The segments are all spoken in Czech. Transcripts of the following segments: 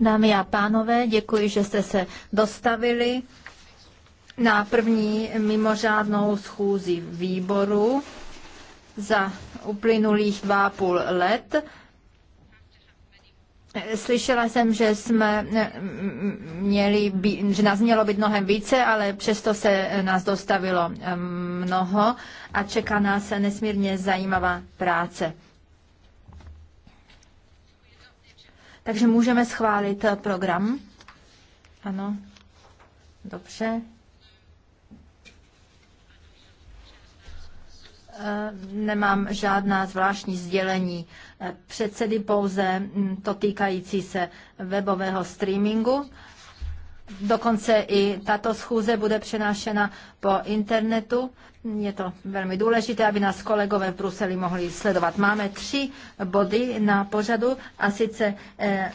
Dámy a pánové, děkuji, že jste se dostavili na první mimořádnou schůzi výboru za uplynulých dva půl let. Slyšela jsem, že jsme eh, měli, že nás mělo být mnohem více, ale přesto se eh, nás dostavilo eh, mnoho a čeká nás nesmírně zajímavá práce. Takže můžeme schválit eh, program. Ano. Dobře. Eh, nemám žádná zvláštní sdělení eh, předsedy, pouze hm, to týkající se webového streamingu. Dokonce i tato schůze bude přenášena po internetu. Je to velmi důležité, aby nás kolegové v Bruseli mohli sledovat. Máme tři body na pořadu a sice eh,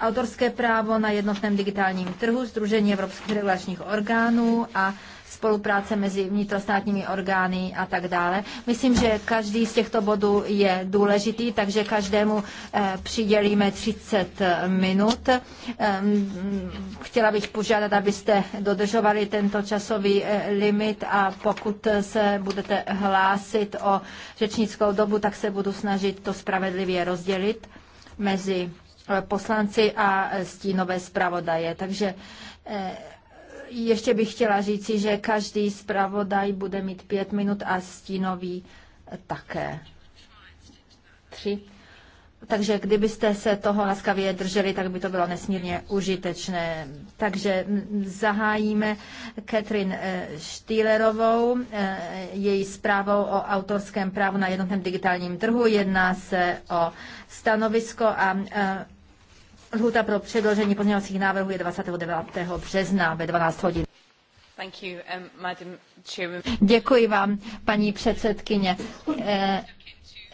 autorské právo na jednotném digitálním trhu, Združení evropských regulačních orgánů a spolupráce mezi vnitrostátními orgány a tak dále. Myslím, že každý z těchto bodů je důležitý, takže každému eh, přidělíme 30 minut. Eh, chtěla bych požádat, abyste dodržovali tento časový eh, limit a pokud se budete hlásit o řečnickou dobu, tak se budu snažit to spravedlivě rozdělit mezi poslanci a stínové zpravodaje. Takže ještě bych chtěla říci, že každý zpravodaj bude mít pět minut a stínový také. Tři. Takže kdybyste se toho laskavě drželi, tak by to bylo nesmírně užitečné. Takže zahájíme Katrin eh, Štýlerovou, eh, její zprávou o autorském právu na jednotném digitálním trhu. Jedná se o stanovisko a eh, Lhuta pro předložení pozměňovacích návrhů je 29. března ve 12 hodin. Um, Děkuji vám, paní předsedkyně. Eh,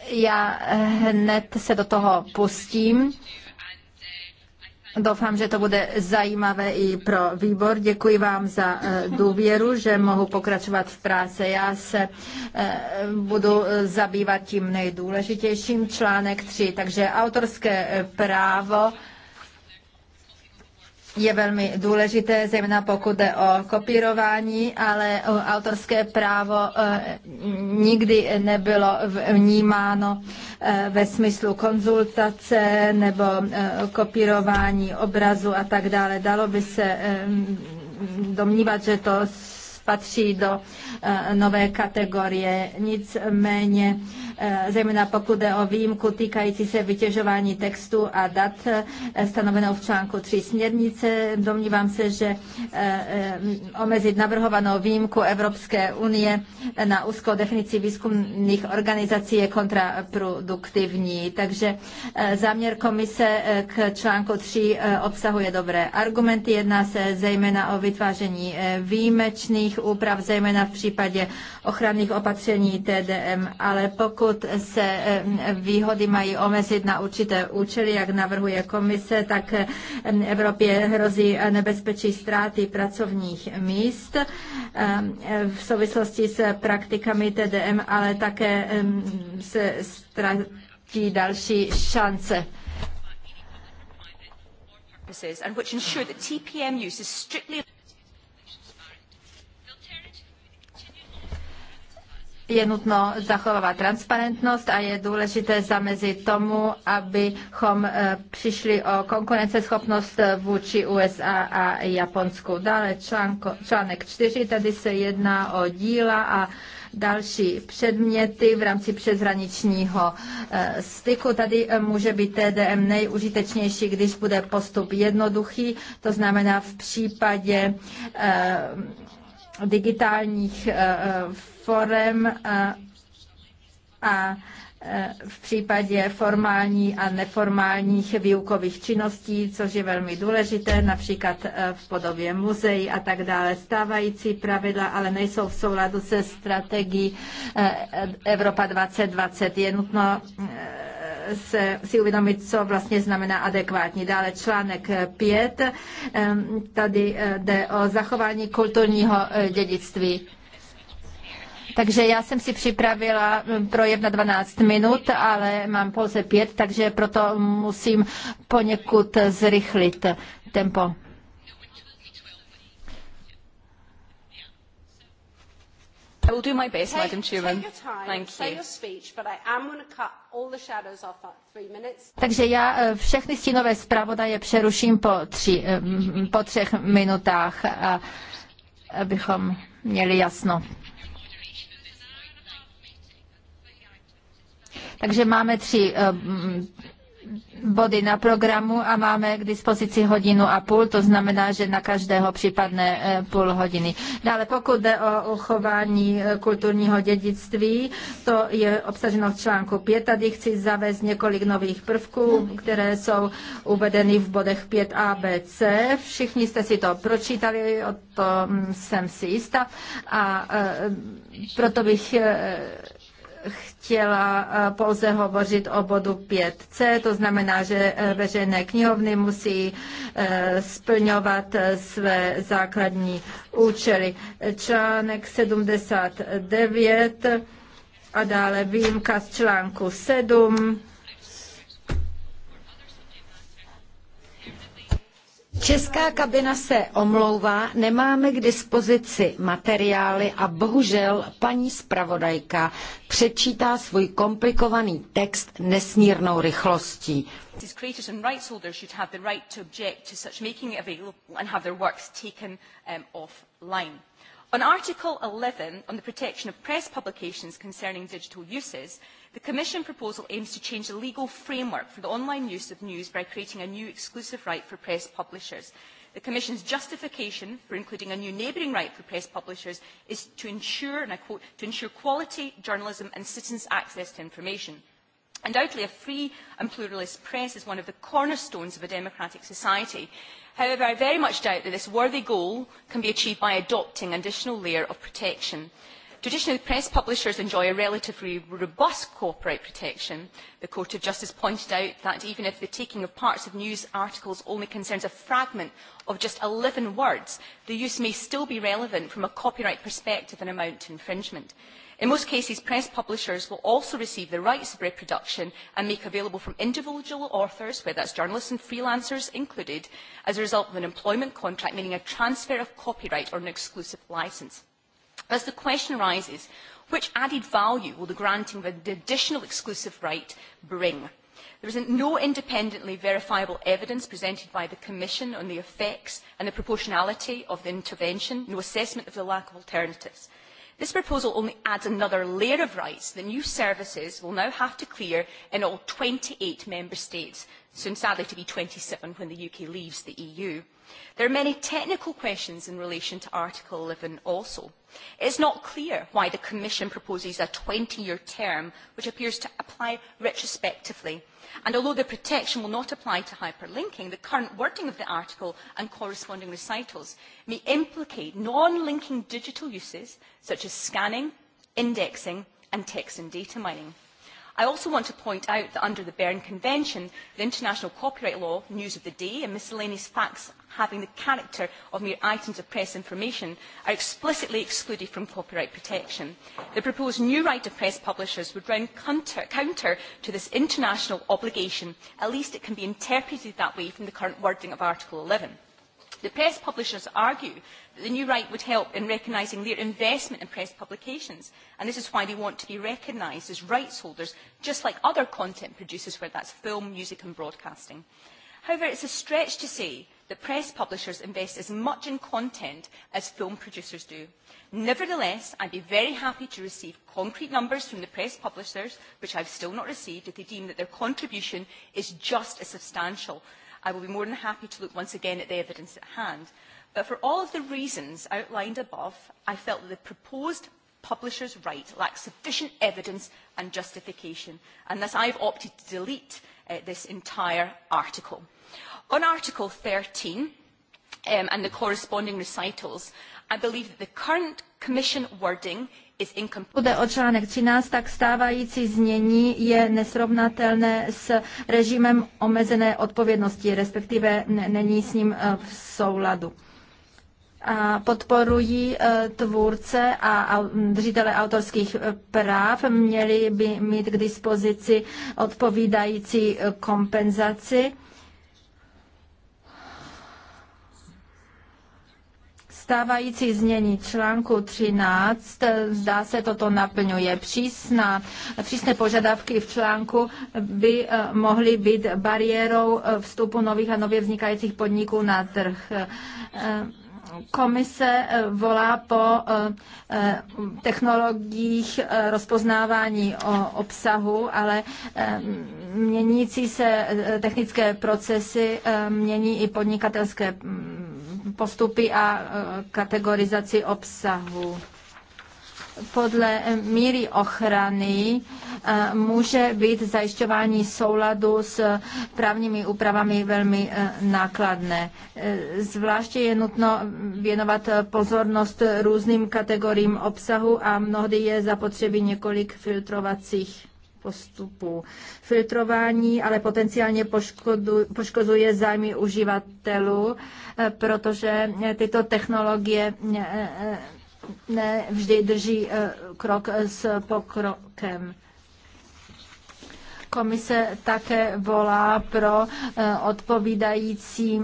já eh, hned se do toho pustím. Doufám, že to bude zajímavé i pro výbor. Děkuji vám za eh, důvěru, že mohu pokračovat v práci. Já se budu zabývat tím nejdůležitějším článek 3, takže autorské právo je velmi důležité, zejména pokud jde o kopírování, ale autorské právo eh, nikdy nebylo vnímáno eh, ve smyslu konzultace nebo eh, kopírování obrazu a tak dále. Dalo by se domnívat, že to patří do nové kategorie. Nicméně Eh, zejména pokud jde o výjimku týkající se vytěžování textu a dat eh, stanovenou v článku 3 směrnice. Domnívám se, že eh, omezit navrhovanou výjimku Evropské unie na úzkou definici výzkumných organizací je kontraproduktivní. Takže záměr komise k článku 3 obsahuje dobré argumenty. Jedná se zejména o vytváření výjimečných úprav, zejména v případě ochranných opatření TDM, ale pokud pokud se eh, výhody mají omezit na určité účely, jak navrhuje komise, tak eh, Evropě hrozí nebezpečí ztráty pracovních míst eh, v souvislosti s praktikami TDM, ale také se ztratí další šance and which ensure that TPM use is strictly je nutno zachovávat transparentnost a je důležité zamezit tomu, abychom eh, přišli o konkurenceschopnost eh, vůči USA a Japonsku. Dále článko, článek 4, tady se jedná o díla a další předměty v rámci přezraničního eh, styku. Tady může být TDM nejužitečnější, když bude postup jednoduchý, to znamená v případě digitálních eh, forem eh, a eh, v případě formální a neformálních výukových činností, což je velmi důležité, například v podobě muzeí a tak dále. Stávající pravidla ale nejsou v souladu se strategií Evropa 2020. Je nutno se, si uvědomit, co vlastně znamená adekvátní. Dále článek 5, tady eh, jde o zachování kulturního eh, dědictví. Takže já jsem si připravila hm, projev na 12 minut, ale mám pouze 5, takže proto musím poněkud zrychlit tempo. I will do my best, take, Madam Chairman. Take your time, Thank say you. your speech, but I am going to cut all the shadows off at three minutes. Takže já eh, všechny stínové zpravodaje přeruším po, tři, eh, po třech minutách, a, abychom měli jasno. Takže máme tři eh, body na programu a máme k dispozici hodinu a půl, to znamená, že na každého připadne eh, půl hodiny. Dále pokud jde o uchování eh, kulturního dědictví, to je obsaženo v článku 5. Tady chci zavést několik nových prvků, které jsou uvedeny v bodech 5 a b, c. Všichni jste si to pročítali, o to jsem si jista a eh, proto bych chtěla eh, pouze hovořit o bodu 5c, to znamená, že eh, veřejné knihovny musí eh, splňovat své základní účely. Článek 79 a dále výjimka z článku 7 Česká kabina se omlouvá, nemáme k dispozici materiály a bohužel paní zpravodajka přečítá svůj komplikovaný text nesmírnou rychlostí. On Article 11, on the protection of press publications concerning digital uses, the Commission proposal aims to change the legal framework for the online use of news by creating a new exclusive right for press publishers. The Commission's justification for including a new neighbouring right for press publishers is to ensure, and I quote, to ensure quality journalism and citizens' access to information. Undoubtedly, a free and pluralist press is one of the cornerstones of a democratic society, However, I very much doubt that this worthy goal can be achieved by adopting an additional layer of protection. Traditionally, press publishers enjoy a relatively robust copyright protection. The Court of Justice pointed out that even if the taking of parts of news articles only concerns a fragment of just 11 words, the use may still be relevant from a copyright perspective and amount to infringement. In most cases, press publishers will also receive the rights of reproduction and make available from individual authors, whether that's journalists and freelancers included, as a result of an employment contract, meaning a transfer of copyright or an exclusive license. As the question arises, which added value will the granting of an additional exclusive right bring? There is no independently verifiable evidence presented by the Commission on the effects and the proportionality of the intervention, no assessment of the lack of alternatives. This proposal only adds another layer of rights that new services will now have to clear in all 28 member states, soon sadly to be 27 when the UK leaves the EU. There are many technical questions in relation to Article 11 also. It is not clear why the Commission proposes a 20-year term, which appears to apply retrospectively. And although the protection will not apply to hyperlinking, the current wording of the article and corresponding recitals may implicate non-linking digital uses such as scanning, indexing and text and data mining. I also want to point out that under the Berne Convention, the international copyright law, news of the day and miscellaneous facts having the character of mere items of press information are explicitly excluded from copyright protection. The proposed new right of press publishers would run counter, counter to this international obligation. At least it can be interpreted that way from the current wording of Article 11. The press publishers argue that the new right would help in recognising their investment in press publications, and this is why they want to be recognised as rights holders, just like other content producers, whether that's film, music and broadcasting. However, it's a stretch to say that press publishers invest as much in content as film producers do. Nevertheless, I'd be very happy to receive concrete numbers from the press publishers, which I've still not received, if they deem that their contribution is just as substantial i will be more than happy to look once again at the evidence at hand. But for all of the reasons outlined above, I felt that the proposed publisher's right lacks sufficient evidence and justification, and thus I've opted to delete uh, this entire article. On Article 13 um, and the corresponding recitals, I believe that the current Commission wording pokud o článek 13, tak stávající znění je nesrovnatelné s režimem omezené odpovědnosti, respektive není s ním eh, v souladu. A podporují eh, tvůrce a držitele autorských eh, práv, měli by mít k dispozici odpovídající kompenzaci Stávající znění článku 13, zdá se, toto naplňuje. Přísná, přísné požadavky v článku by eh, mohly být bariérou eh, vstupu nových a nově vznikajících podniků na trh eh, komise volá po technologiích rozpoznávání obsahu, ale měnící se technické procesy mění i podnikatelské mm, postupy a e, kategorizaci obsahu podle e, míry ochrany e, může být zajišťování souladu s právními úpravami velmi nákladné. Zvláště je nutno věnovat pozornost různým kategoriím obsahu a mnohdy je zapotřebí několik filtrovacích postupů. Filtrování ale potenciálně poškodu, poškozuje zájmy uživatelů, eh, protože eh, tyto technologie eh, ne vždy drží krok s pokrokem. Komise také volá pro eh, odpovídajícím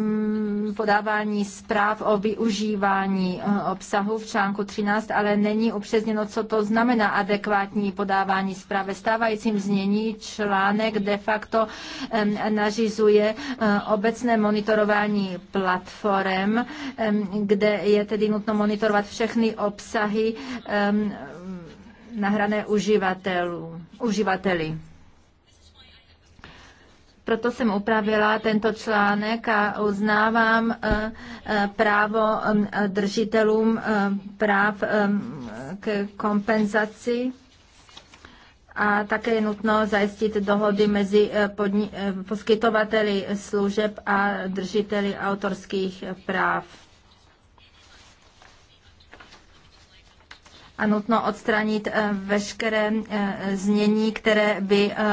podávání zpráv o využívání eh, obsahu v článku 13, ale není upřesněno, co to znamená adekvátní podávání zpráv. Ve stávajícím znění článek de facto nařizuje eh, obecné monitorování platform, kde je tedy nutno monitorovat všechny obsahy nahrané uživatelů, uživateli. Proto jsem upravila tento článek a uznávám eh, eh, právo eh, držitelům práv k kompenzaci a také je nutno zajistit dohody mezi poskytovateli služeb a držiteli autorských práv. a nutno odstranit eh, veškeré eh, znění, které by eh,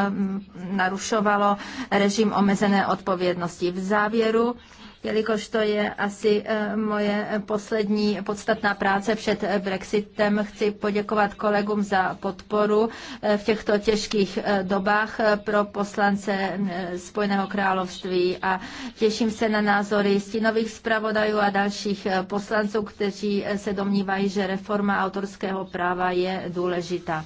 narušovalo režim omezené odpovědnosti. V závěru jelikož to je asi eh, moje poslední podstatná práce před eh, Brexitem. Chci poděkovat kolegům za podporu eh, v těchto těžkých dobách pro poslance Spojeného království a těším se na názory stínových zpravodajů a dalších poslanců, kteří se domnívají, že reforma autorského práva je důležitá.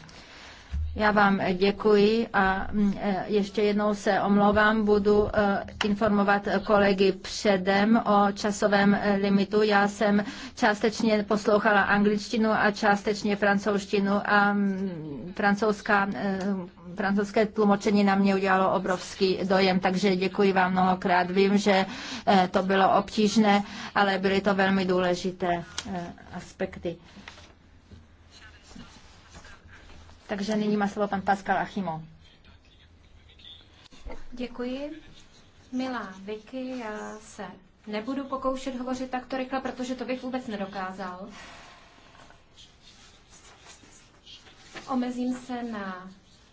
Já vám děkuji a mm, e, ještě jednou se omlouvám, budu e, informovat kolegy předem o časovém e, limitu. Já jsem částečně poslouchala angličtinu a částečně francouzštinu a mm, francouzská, francouzské tlumočení na mě udělalo obrovský dojem, takže děkuji vám mnohokrát. Vím, že to bylo obtížné, ale byly to velmi důležité aspekty. Takže nyní má slovo pan Pascal Achimo. Děkuji. Milá Vicky, já se nebudu pokoušet hovořit takto rychle, protože to bych vůbec nedokázal. Omezím se na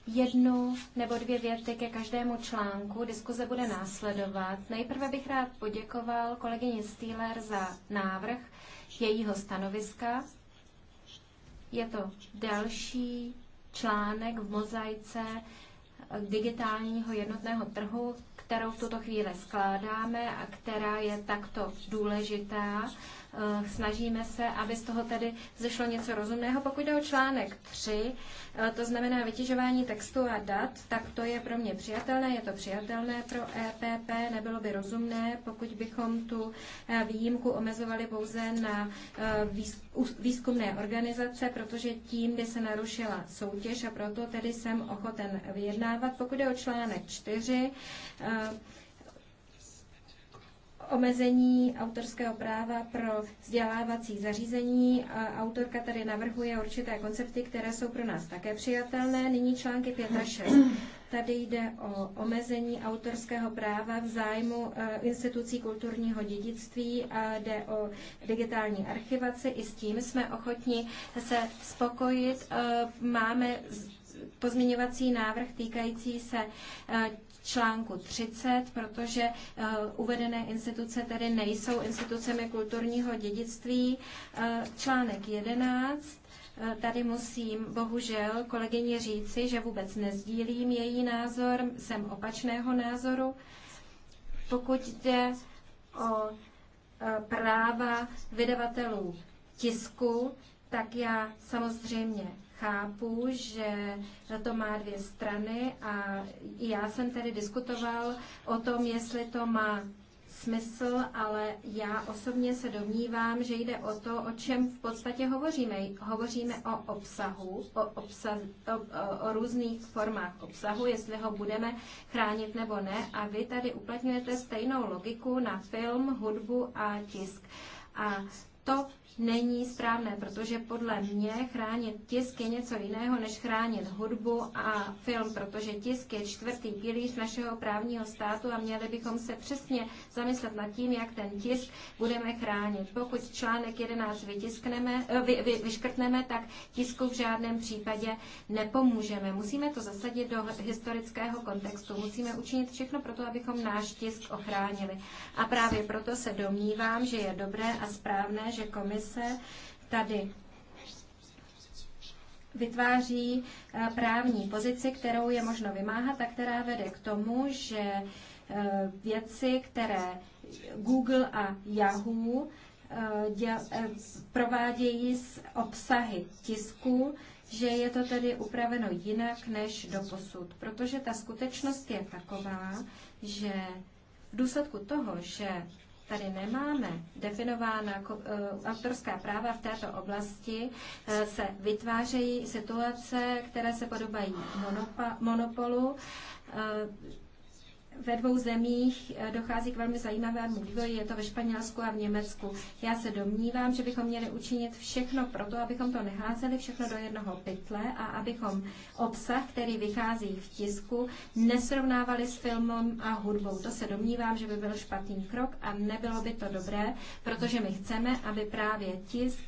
jednu nebo dvě věty ke každému článku. Diskuze bude následovat. Nejprve bych rád poděkoval kolegyni Stýler za návrh jejího stanoviska. Je to další článek v mozaice digitálního jednotného trhu, kterou v tuto chvíli skládáme a která je takto důležitá Eh, snažíme se, aby z toho tedy zešlo něco rozumného. Pokud jde o článek 3, eh, to znamená vytěžování textu a dat, tak to je pro mě přijatelné, je to přijatelné pro EPP, nebylo by rozumné, pokud bychom tu eh, výjimku omezovali pouze na výzkumné organizace, protože tím by se narušila soutěž a proto tedy jsem ochoten vyjednávat. Pokud je o článek 4, omezení autorského práva pro vzdělávací zařízení. Autorka tady navrhuje určité koncepty, které jsou pro nás také přijatelné. Nyní články 5 a 6. Tady jde o omezení autorského práva v zájmu eh, institucí kulturního dědictví, a jde o digitální archivaci. I s tím jsme ochotni se spokojit. Eh, máme pozměňovací návrh týkající se eh, článku 30, protože eh, uvedené instituce tedy nejsou institucemi kulturního dědictví. Eh, článek 11. Eh, tady musím bohužel kolegyně říci, že vůbec nezdílím její názor, jsem opačného názoru. Pokud jde o práva vydavatelů tisku, tak já samozřejmě chápu, že to má dvě strany a já jsem tady diskutoval o tom, jestli to má smysl, ale já osobně se domnívám, že jde o to, o čem v podstatě hovoříme. Hovoříme o obsahu, o, obsa- o, o, o různých formách obsahu, jestli ho budeme chránit nebo ne. A vy tady uplatňujete stejnou logiku na film, hudbu a tisk. A to není správné, protože podle mě chránit tisk je něco jiného, než chránit hudbu a film, protože tisk je čtvrtý pilíř našeho právního státu a měli bychom se přesně zamyslet nad tím, jak ten tisk budeme chránit. Pokud článek 11 vytiskneme, eh, vy, vy, vyškrtneme, tak tisku v žádném případě nepomůžeme. Musíme to zasadit do historického kontextu. Musíme učinit všechno pro to, abychom náš tisk ochránili. A právě proto se domnívám, že je dobré a správné, že komise se tady vytváří eh, právní pozici, kterou je možno vymáhat a která vede k tomu, že eh, věci, které Google a Yahoo eh, děl, provádějí s obsahy tisku, že je to tedy upraveno jinak než do posud. Protože ta skutečnost je taková, že v důsledku toho, že tady nemáme definována eh, autorská práva v této oblasti, eh, se vytvářejí situace, které se podobají monopolu eh, ve dvou zemích eh, dochází k velmi zajímavému vývoji, je to ve Španělsku a v Německu. Já se domnívám, že bychom měli učinit všechno pro to, abychom to neházeli všechno do jednoho pytle a abychom obsah, který vychází v tisku, nesrovnávali s filmem a hudbou. To se domnívám, že by byl špatný krok a nebylo by to dobré, protože my chceme, aby právě tisk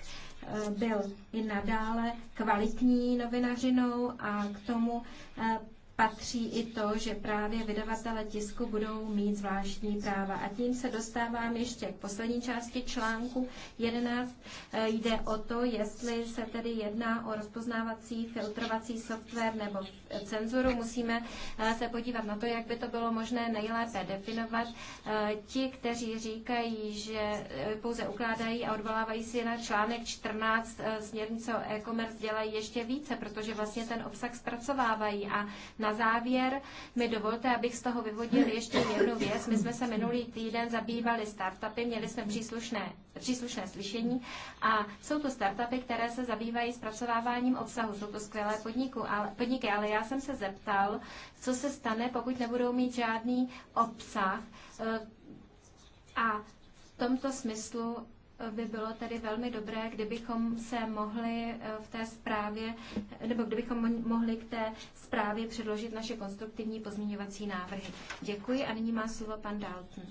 eh, byl i nadále kvalitní novinařinou a k tomu eh, patří i to, že právě vydavatele tisku budou mít zvláštní práva. A tím se dostávám ještě k poslední části článku 11. E, jde o to, jestli se tedy jedná o rozpoznávací, filtrovací software nebo cenzuru. Musíme e, se podívat na to, jak by to bylo možné nejlépe definovat. E, ti, kteří říkají, že pouze ukládají a odvolávají si na článek 14 směrnice o e-commerce, dělají ještě více, protože vlastně ten obsah zpracovávají a na závěr mi dovolte, abych z toho vyvodil ještě jednu věc. My jsme se minulý týden zabývali startupy, měli jsme příslušné, příslušné slyšení a jsou to startupy, které se zabývají zpracováváním obsahu. Jsou to skvělé podniku, ale, podniky, ale já jsem se zeptal, co se stane, pokud nebudou mít žádný obsah. Eh, a v tomto smyslu by bylo tedy velmi dobré, kdybychom se mohli eh, v té zprávě, nebo kdybychom mohli k té zprávě předložit naše konstruktivní pozměňovací návrhy. Děkuji a nyní má slovo pan Dalton.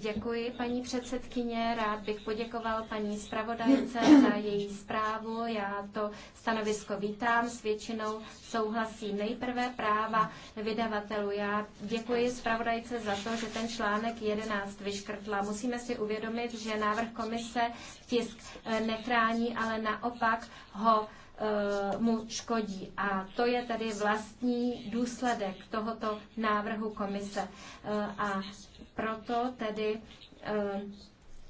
Děkuji, paní předsedkyně. Rád bych poděkoval paní zpravodajce za její zprávu. Já to stanovisko vítám, s většinou souhlasím. Nejprve práva vydavatelů. Já děkuji zpravodajce za to, že ten článek 11 vyškrtla. Musíme si uvědomit, že návrh komise tisk eh, nechrání, ale naopak ho Eh, mu škodí. A to je tedy vlastní důsledek tohoto návrhu komise. Eh, a proto tedy eh,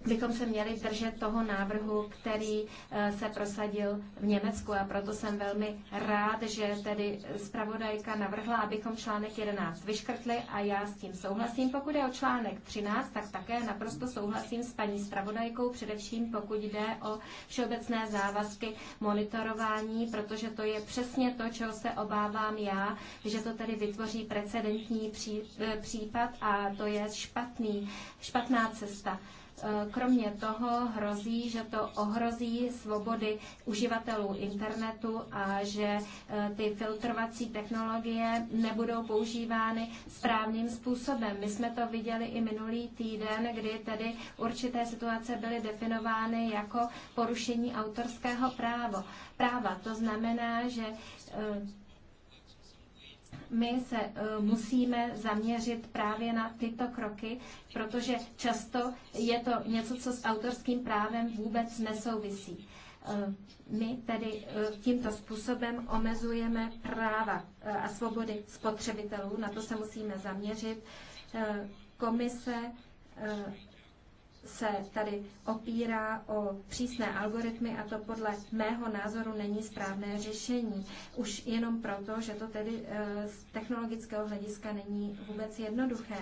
bychom se měli držet toho návrhu, který eh, se prosadil v Německu a proto jsem velmi rád, že tedy zpravodajka navrhla, abychom článek 11 vyškrtli a já s tím souhlasím. Pokud je o článek 13, tak také naprosto souhlasím s paní zpravodajkou, především pokud jde o všeobecné závazky monitorování, protože to je přesně to, čeho se obávám já, že to tedy vytvoří precedentní eh, případ a to je špatný, špatná cesta. Eh, kromě toho hrozí, že to ohrozí svobody uživatelů internetu a že eh, ty filtrovací technologie nebudou používány správným způsobem. My jsme to viděli i minulý týden, kdy tedy určité situace byly definovány jako porušení autorského právo. práva. To znamená, že eh, my se eh, musíme zaměřit právě na tyto kroky, protože často je to něco, co s autorským právem vůbec nesouvisí. Eh, my tedy eh, tímto způsobem omezujeme práva a svobody spotřebitelů, na to se musíme zaměřit. Komise se tady opírá o přísné algoritmy a to podle mého názoru není správné řešení. Už jenom proto, že to tedy eh, z technologického hlediska není vůbec jednoduché.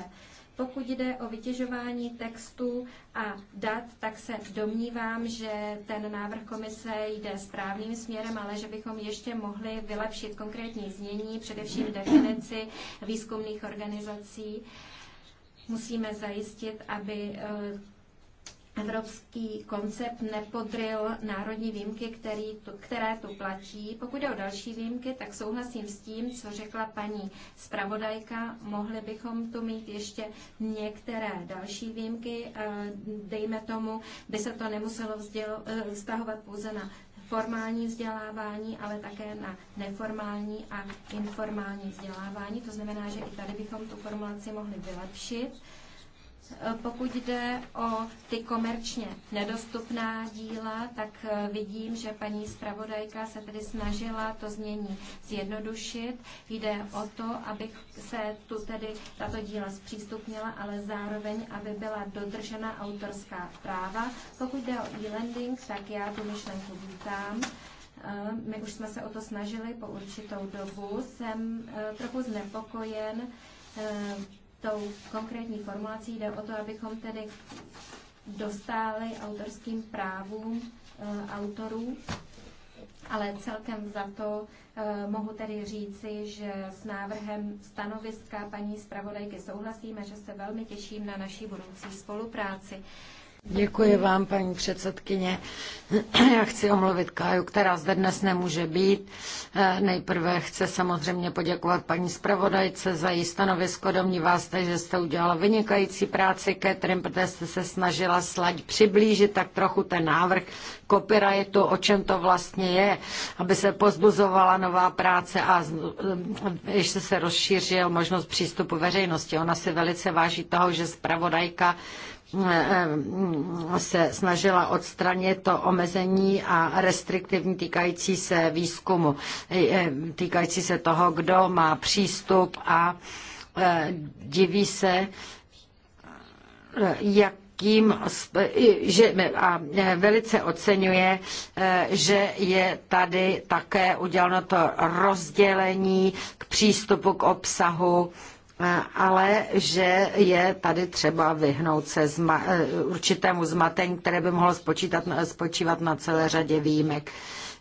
Pokud jde o vytěžování textů a dat, tak se domnívám, že ten návrh komise jde správným směrem, ale že bychom ještě mohli vylepšit konkrétní znění, především definici výzkumných organizací musíme zajistit, aby eh, evropský koncept nepodryl národní výjimky, který tu, které tu platí. Pokud jde o další výjimky, tak souhlasím s tím, co řekla paní zpravodajka. Mohli bychom tu mít ještě některé další výjimky. Eh, dejme tomu, by se to nemuselo eh, vztahovat pouze na formální vzdělávání, ale také na neformální a informální vzdělávání. To znamená, že i tady bychom tu formulaci mohli vylepšit. Eh, pokud jde o ty komerčně nedostupná díla, tak eh, vidím, že paní zpravodajka se tedy snažila to znění zjednodušit. Jde o to, aby se tu tedy tato díla zpřístupnila, ale zároveň, aby byla dodržena autorská práva. Pokud jde o e-lending, tak já tu myšlenku vítám. Eh, my už jsme se o to snažili po určitou dobu. Jsem trochu znepokojen tou konkrétní formulací. Jde o to, abychom tedy dostáli autorským právům eh, autorů, ale celkem za to eh, mohu tedy říci, že s návrhem stanoviska paní zpravodajky souhlasíme, že se velmi těším na naší budoucí spolupráci. Děkuji vám, paní předsedkyně. Já chci omluvit Káju, která zde dnes nemůže být. Nejprve chci samozřejmě poděkovat paní zpravodajce za její stanovisko. Domnívá se, že jste udělala vynikající práci, Catherine, protože jste se snažila slaď přiblížit tak trochu ten návrh copyrightu, o čem to vlastně je, aby se pozbuzovala nová práce a ještě se rozšířil možnost přístupu veřejnosti. Ona si velice váží toho, že zpravodajka Eh, se snažila odstranit to omezení a restriktivní týkající se výzkumu, eh, týkající se toho, kdo má přístup a eh, diví se, jak tím, že, a velice oceňuje, že je tady také uděláno to rozdělení k přístupu k obsahu ale že je tady třeba vyhnout se zma, eh, určitému zmatení, které by mohlo spočítat, eh, spočívat na celé řadě výjimek.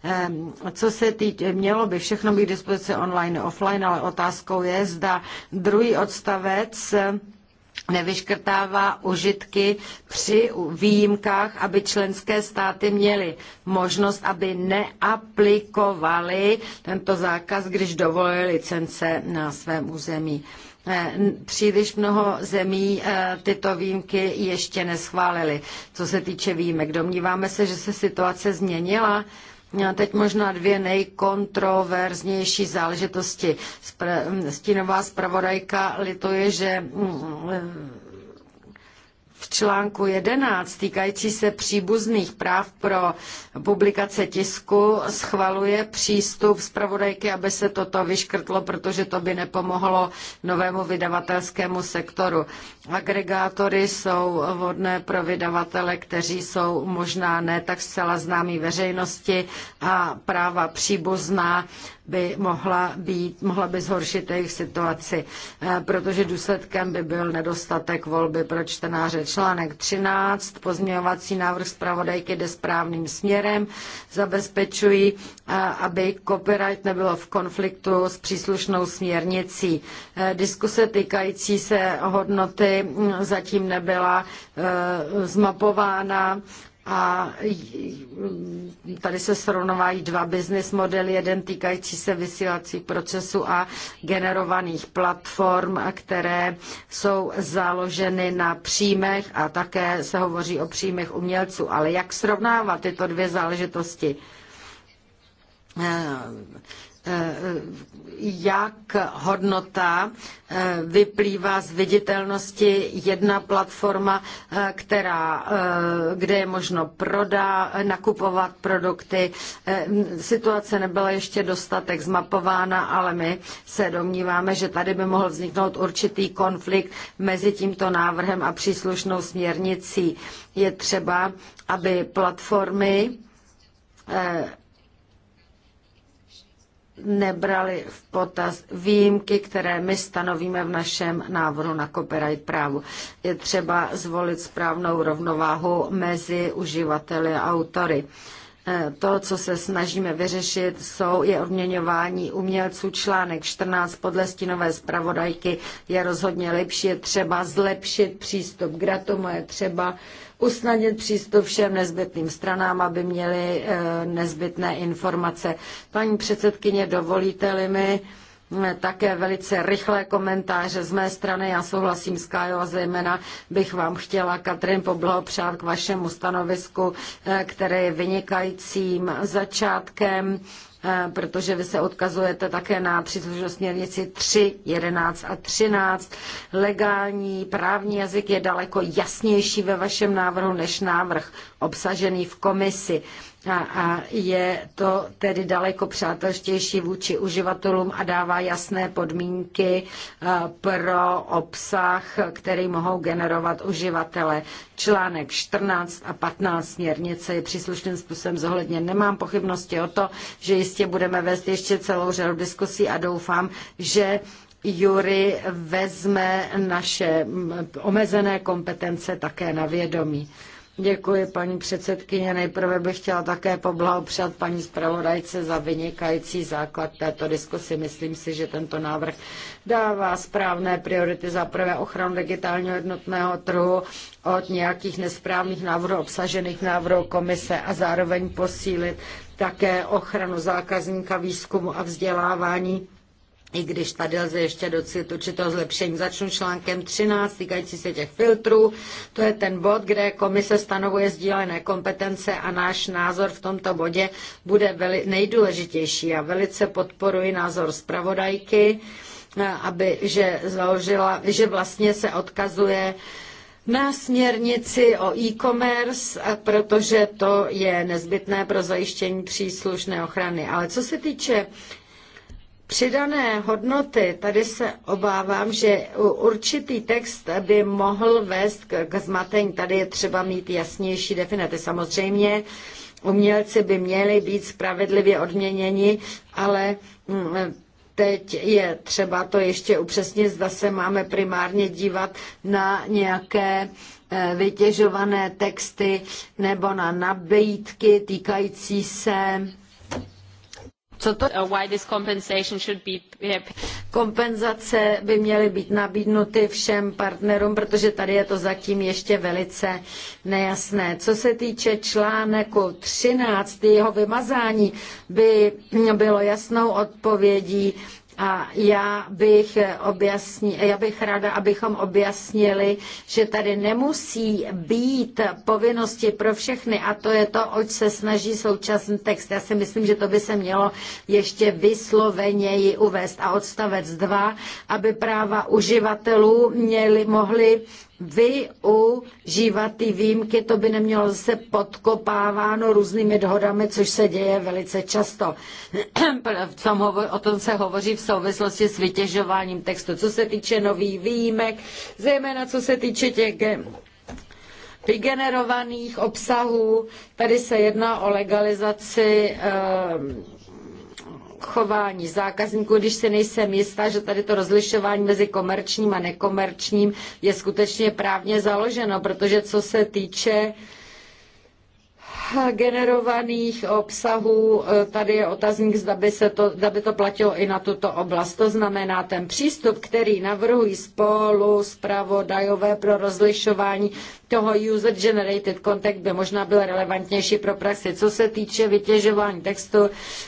Ehm, co se týče, mělo by všechno být dispozici online, offline, ale otázkou je, zda druhý odstavec eh, nevyškrtává užitky při výjimkách, aby členské státy měly možnost, aby neaplikovaly tento zákaz, když dovolili licence na svém území. Eh, příliš mnoho zemí eh, tyto výjimky ještě neschválili. Co se týče výjimek, domníváme se, že se situace změnila. Eh, teď možná dvě nejkontroverznější záležitosti. Stínová zpravodajka lituje, že mm, článku 11 týkající se příbuzných práv pro publikace tisku schvaluje přístup zpravodajky, aby se toto vyškrtlo, protože to by nepomohlo novému vydavatelskému sektoru. Agregátory jsou vhodné pro vydavatele, kteří jsou možná ne tak zcela známí veřejnosti a práva příbuzná by mohla, být, mohla by zhoršit jejich situaci, eh, protože důsledkem by byl nedostatek volby pro čtenáře. Článek 13, pozměňovací návrh zpravodajky jde správným směrem, zabezpečují, eh, aby copyright nebylo v konfliktu s příslušnou směrnicí. Eh, diskuse týkající se hodnoty mm, zatím nebyla eh, zmapována a tady se srovnávají dva business modely, jeden týkající se vysílacích procesů a generovaných platform, které jsou založeny na příjmech a také se hovoří o příjmech umělců. Ale jak srovnávat tyto dvě záležitosti? jak hodnota eh, vyplývá z viditelnosti jedna platforma, eh, která, eh, kde je možno prodá, nakupovat produkty. Situace nebyla ještě dostatek zmapována, ale my se domníváme, že tady by mohl vzniknout určitý konflikt mezi tímto návrhem a příslušnou směrnicí. Je třeba, aby platformy nebrali v potaz výjimky, které my stanovíme v našem návrhu na copyright právu. Je třeba zvolit správnou rovnováhu mezi uživateli a autory. Eh, to, co se snažíme vyřešit, jsou, je odměňování umělců. Článek 14 podle stínové zpravodajky je rozhodně lepší. Je třeba zlepšit přístup k gratomu, je třeba usnadnit přístup všem nezbytným stranám, aby měli eh, nezbytné informace. Paní předsedkyně, dovolíte-li mi eh, také velice rychlé komentáře z mé strany. Já souhlasím s Kájo a zejména bych vám chtěla, Katrin, poblahopřát k vašemu stanovisku, eh, které je vynikajícím začátkem Eh, protože vy se odkazujete také na příslušnost směrnici 3, 11 a 13. Legální právní jazyk je daleko jasnější ve vašem návrhu než návrh obsažený v komisi. A, a je to tedy daleko přátelštější vůči uživatelům a dává jasné podmínky eh, pro obsah, který mohou generovat uživatele. Článek 14 a 15 směrnice je příslušným způsobem zohledněn. Nemám pochybnosti o to, že jistě budeme vést ještě celou řadu diskusí a doufám, že Jury vezme naše omezené kompetence také na vědomí. Děkuji, paní předsedkyně. Nejprve bych chtěla také poblahopřát paní zpravodajce za vynikající základ této diskusi. Myslím si, že tento návrh dává správné priority za prvé ochranu digitálního jednotného trhu od nějakých nesprávných návrhů, obsažených návrhů komise a zároveň posílit také ochranu zákazníka výzkumu a vzdělávání i když tady lze ještě docit určitého zlepšení. Začnu článkem 13 týkající se těch filtrů. To je ten bod, kde komise stanovuje sdílené kompetence a náš názor v tomto bodě bude veli- nejdůležitější. Já velice podporuji názor zpravodajky, eh, aby, že, založila, že vlastně se odkazuje na směrnici o e-commerce, eh, protože to je nezbytné pro zajištění příslušné ochrany. Ale co se týče přidané hodnoty, tady se obávám, že určitý text by mohl vést k zmatení. Tady je třeba mít jasnější definice. Samozřejmě umělci by měli být spravedlivě odměněni, ale mm, teď je třeba to ještě upřesnit, zda se máme primárně dívat na nějaké e, vytěžované texty nebo na nabídky týkající se co to uh, why this compensation should be Kompenzace by měly být nabídnuty všem partnerům, protože tady je to zatím ještě velice nejasné. Co se týče článku 13, jeho vymazání by bylo jasnou odpovědí a já bych, objasni, já bych ráda, abychom objasnili, že tady nemusí být povinnosti pro všechny a to je to, oč se snaží současný text. Já si myslím, že to by se mělo ještě vysloveněji uvést. A odstavec 2, aby práva uživatelů měli, mohli využívat ty výjimky, to by nemělo se podkopáváno různými dohodami, což se děje velice často. o tom se hovoří v souvislosti s vytěžováním textu. Co se týče nových výjimek, zejména co se týče těch vygenerovaných obsahů, tady se jedná o legalizaci eh, chování zákazníků, když si nejsem jistá, že tady to rozlišování mezi komerčním a nekomerčním je skutečně právně založeno, protože co se týče generovaných obsahů, eh, tady je otazník, zda by, se to, zda by to platilo i na tuto oblast. To znamená, ten přístup, který navrhují spolu zpravodajové pro rozlišování, toho user generated content by možná byl relevantnější pro praxi. Co se týče vytěžování textu,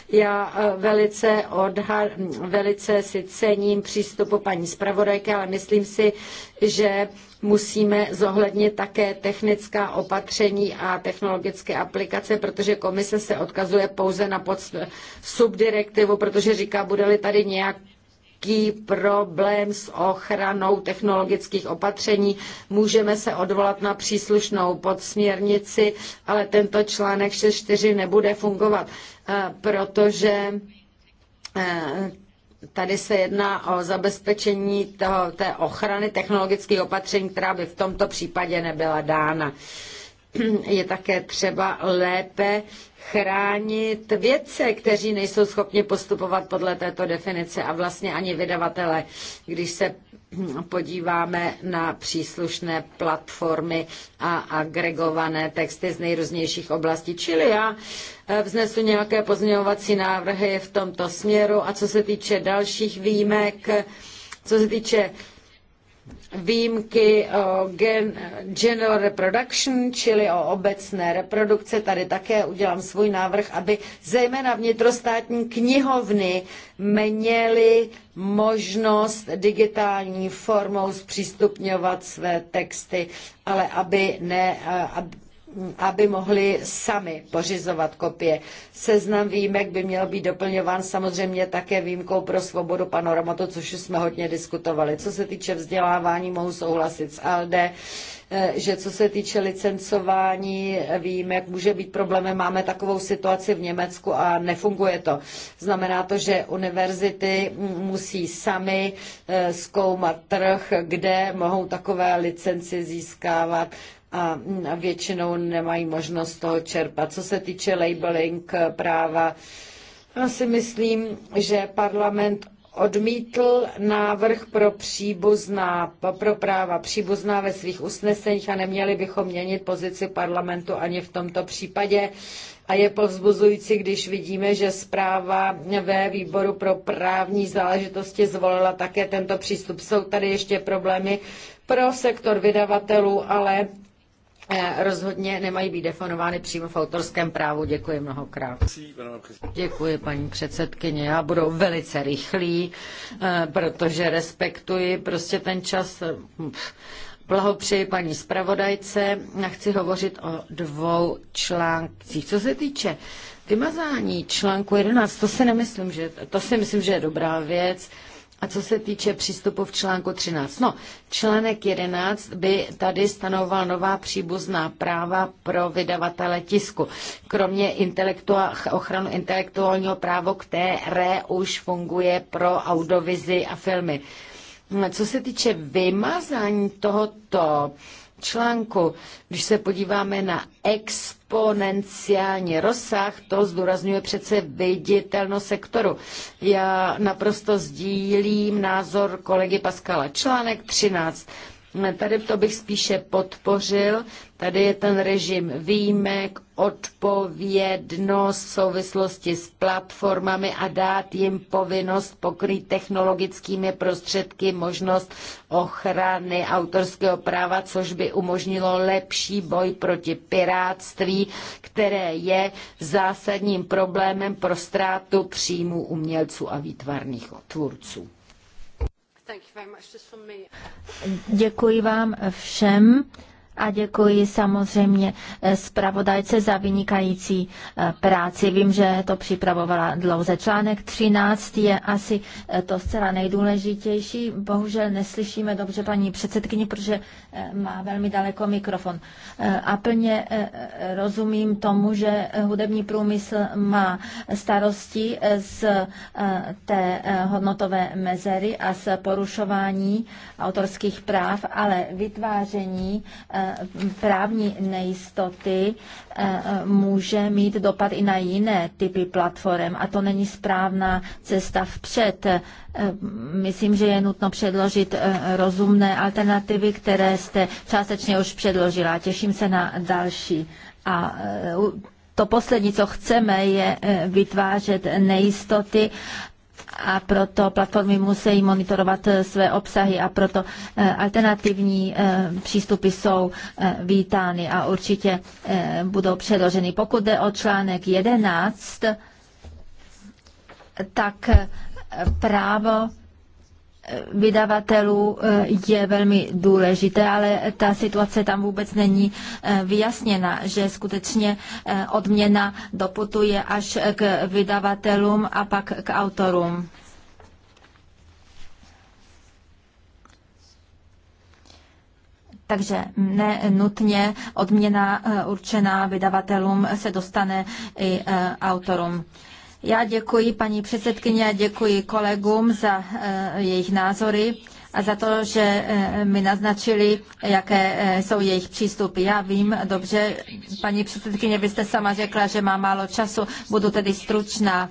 já eh, velice, odha- velice si cením přístupu paní zpravodajky, ale myslím si, že musíme zohlednit také technická opatření a technologické aplikace, protože komise se odkazuje pouze na subdirektivu, protože říká, bude-li tady nějak velký problém s ochranou technologických opatření. Můžeme se odvolat na příslušnou podsměrnici, ale tento článek 6.4 nebude fungovat, eh, protože eh, tady se jedná o zabezpečení toho, té ochrany technologických opatření, která by v tomto případě nebyla dána. Je také třeba lépe chránit vědce, kteří nejsou schopni postupovat podle této definice a vlastně ani vydavatele, když se podíváme na příslušné platformy a agregované texty z nejrůznějších oblastí. Čili já eh, vznesu nějaké pozměňovací návrhy v tomto směru a co se týče dalších výjimek, co se týče výjimky o gen, general reproduction, čili o obecné reprodukce. Tady také udělám svůj návrh, aby zejména vnitrostátní knihovny měly možnost digitální formou zpřístupňovat své texty, ale aby, ne, aby aby mohli sami pořizovat kopie. Seznam výjimek by měl být doplňován samozřejmě také výjimkou pro svobodu panoramatu, což jsme hodně diskutovali. Co se týče vzdělávání, mohu souhlasit s ALDE, eh, že co se týče licencování výjimek, může být problémem. Máme takovou situaci v Německu a nefunguje to. Znamená to, že univerzity musí sami eh, zkoumat trh, kde mohou takové licenci získávat a většinou nemají možnost toho čerpat. Co se týče labeling eh, práva, já si myslím, že parlament odmítl návrh pro příbuzná, pro práva příbuzná ve svých usneseních a neměli bychom měnit pozici parlamentu ani v tomto případě. A je povzbuzující, když vidíme, že zpráva ve výboru pro právní záležitosti zvolila také tento přístup. Jsou tady ještě problémy pro sektor vydavatelů, ale Eh, rozhodně nemají být definovány přímo v autorském právu. Děkuji mnohokrát. Děkuji, paní předsedkyně. Já budu velice rychlý, eh, protože respektuji prostě ten čas. Blahopřeji paní zpravodajce. Já chci hovořit o dvou článcích. Co se týče vymazání článku 11, to si nemyslím, že to si myslím, že je dobrá věc a co se týče přístupu v článku 13, no, článek 11 by tady stanoval nová příbuzná práva pro vydavatele tisku, kromě intelektua, ochranu intelektuálního práva, které už funguje pro audovizi a filmy. Co se týče vymazání tohoto článku, když se podíváme na ex exponenciální rozsah, to zdůrazňuje přece viditelnost sektoru. Já naprosto sdílím názor kolegy Paskala. Článek 13 Tady to bych spíše podpořil. Tady je ten režim výjimek, odpovědnost v souvislosti s platformami a dát jim povinnost pokrýt technologickými prostředky možnost ochrany autorského práva, což by umožnilo lepší boj proti piráctví, které je zásadním problémem pro ztrátu příjmu umělců a výtvarných tvůrců. Děkuji vám všem a děkuji samozřejmě eh, zpravodajce za vynikající eh, práci. Vím, že to připravovala dlouze. Článek 13 je asi eh, to zcela nejdůležitější. Bohužel neslyšíme dobře paní předsedkyni, protože má velmi daleko mikrofon. A plně rozumím tomu, že hudební průmysl má starosti z té hodnotové mezery a z porušování autorských práv, ale vytváření právní nejistoty eh, může mít dopad i na jiné typy platform a to není správná cesta vpřed. Eh, myslím, že je nutno předložit eh, rozumné alternativy, které jste částečně už předložila. Těším se na další. A to poslední, co chceme, je vytvářet nejistoty a proto platformy musí monitorovat eh, své obsahy a proto eh, alternativní eh, přístupy jsou vítány a určitě budou předloženy. Pokud jde o článek 11, tak právo vydavatelů eh, je velmi důležité, ale ta situace tam vůbec není eh, vyjasněna, že skutečně eh, odměna doputuje až k vydavatelům a pak k autorům. Takže ne nutně odměna určená vydavatelům se dostane i autorům. Já děkuji paní předsedkyně a děkuji kolegům za eh, jejich názory a za to, že eh, mi naznačili, jaké eh, jsou jejich přístupy. Já vím dobře, paní předsedkyně, vy jste sama řekla, že má málo času, budu tedy stručná.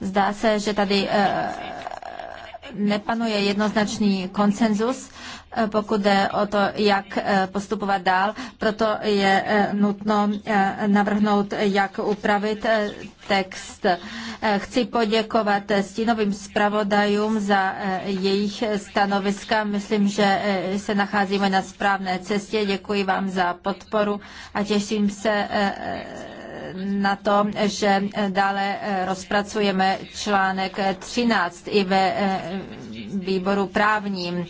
Zdá se, že tady nepanuje jednoznačný konsenzus, eh, pokud jde o to, jak eh, postupovat dál. Proto je eh, nutno navrhnout, jak upravit text. Chci poděkovat stínovým zpravodajům za jejich stanoviska. Myslím, že se nacházíme na správné cestě. Děkuji vám za podporu a těším se na to, že dále rozpracujeme článek 13 i ve eh, výboru právním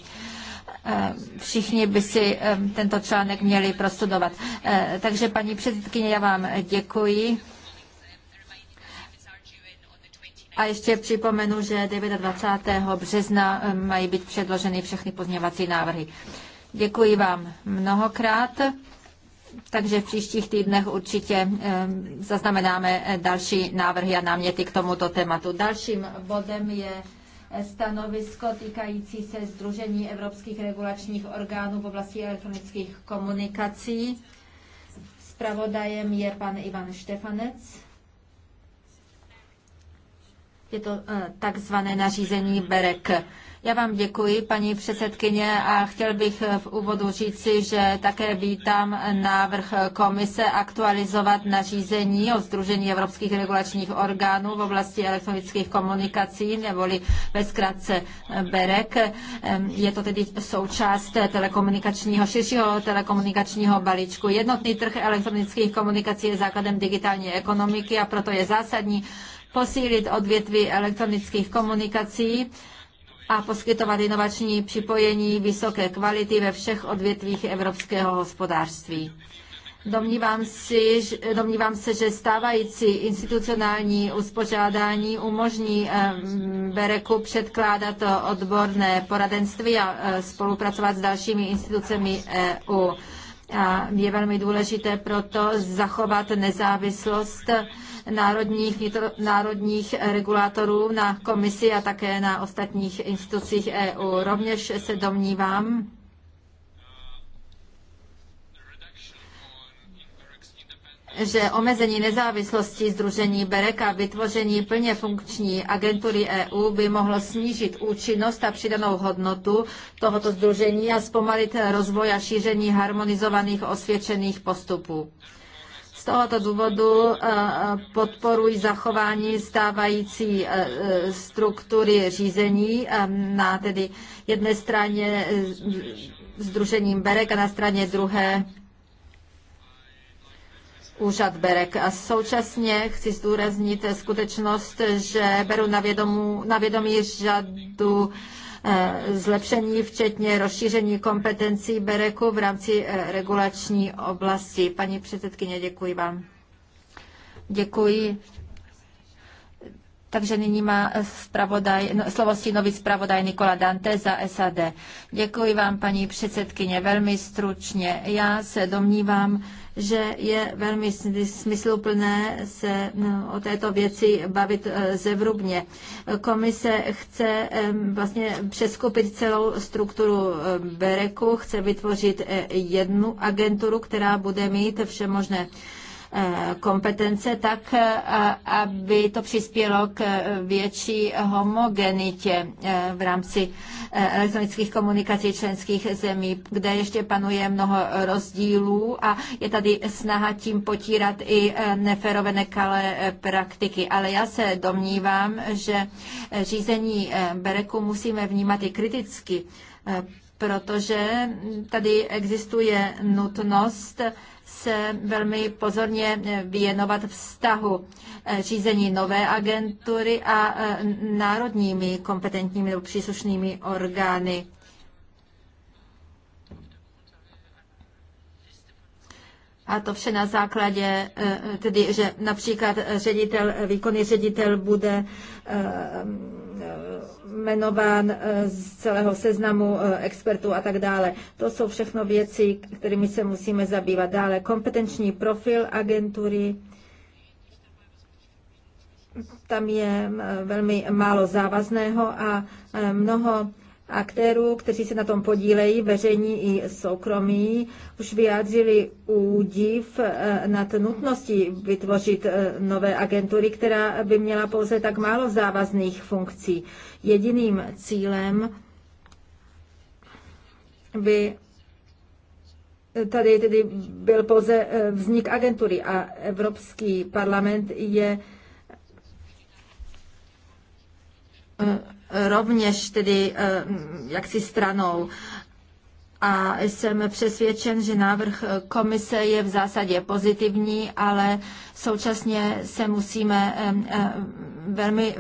eh, všichni by si eh, tento článek měli prostudovat. Takže paní předsedkyně, já vám děkuji. A ještě připomenu, že 29. března mají být předloženy všechny pozměvací návrhy. Děkuji vám mnohokrát. Takže v příštích týdnech určitě eh, zaznamenáme eh, další návrhy a náměty k tomuto tématu. Dalším bodem je eh, stanovisko týkající se Združení evropských regulačních orgánů v oblasti elektronických komunikací. Spravodajem je pan Ivan Štefanec. Je to takzvané nařízení BEREK. Já vám děkuji, paní předsedkyně, a chtěl bych v úvodu říci, že také vítám návrh komise aktualizovat nařízení o Združení evropských regulačních orgánů v oblasti elektronických komunikací, neboli ve zkratce BEREK. Je to tedy součást telekomunikačního, širšího telekomunikačního balíčku. Jednotný trh elektronických komunikací je základem digitální ekonomiky a proto je zásadní posílit odvětví elektronických komunikací a poskytovat inovační připojení vysoké kvality ve všech odvětvích evropského hospodářství. Domnívám, si, domnívám se, že stávající institucionální uspořádání umožní eh, Bereku předkládat odborné poradenství a eh, spolupracovat s dalšími institucemi EU a je velmi důležité proto zachovat nezávislost národních, národních regulatorů na komisi a také na ostatních institucích EU. Rovněž se domnívám, že omezení nezávislosti Združení bereka a vytvoření plně funkční agentury EU by mohlo snížit účinnost a přidanou hodnotu tohoto združení a zpomalit rozvoj a šíření harmonizovaných osvědčených postupů. Z tohoto důvodu e, e, podporuji zachování stávající e, struktury řízení na tedy jedné straně Združením Berek a na straně druhé úřad Berek. A současně chci zdůraznit skutečnost, že beru na, vědomu, na vědomí řadu eh, zlepšení, včetně rozšíření kompetencí Bereku v rámci eh, regulační oblasti. Paní předsedkyně, děkuji vám. Děkuji. Takže nyní má spravodaj, no, slovo stínový zpravodaj Nikola Dante za SAD. Děkuji vám, paní předsedkyně, velmi stručně. Já se domnívám, že je velmi smysluplné se no, o této věci bavit eh, zevrubně. Komise chce vlastně přeskupit celou strukturu Bereku, chce vytvořit eh, jednu agenturu, která bude mít všemožné možné Eh, kompetence tak, eh, aby to přispělo k eh, větší homogenitě v rámci elektronických komunikací členských zemí, kde ještě panuje mnoho rozdílů a je tady snaha tím potírat i neferové nekalé praktiky. Ale já se domnívám, že řízení Bereku musíme vnímat i kriticky, protože tady existuje nutnost se velmi pozorně věnovat vztahu eh, řízení nové agentury a eh, národními kompetentními nebo příslušnými orgány. A to vše na základě, eh, tedy, že například ředitel, výkonný ředitel bude Eh, jmenován eh, z celého seznamu eh, expertů a tak dále. To jsou všechno věci, kterými se musíme zabývat dále. Kompetenční profil agentury, tam je velmi málo závazného a mnoho aktérů, kteří se na tom podílejí, veřejní i soukromí, už vyjádřili údiv eh, nad nutností vytvořit eh, nové agentury, která by měla pouze tak málo závazných funkcí. Jediným cílem by tady tedy byl pouze eh, vznik agentury a Evropský parlament je rovněž tedy eh, jaksi stranou a jsem přesvědčen, že návrh eh, komise je v zásadě pozitivní, ale současně se musíme eh, velmi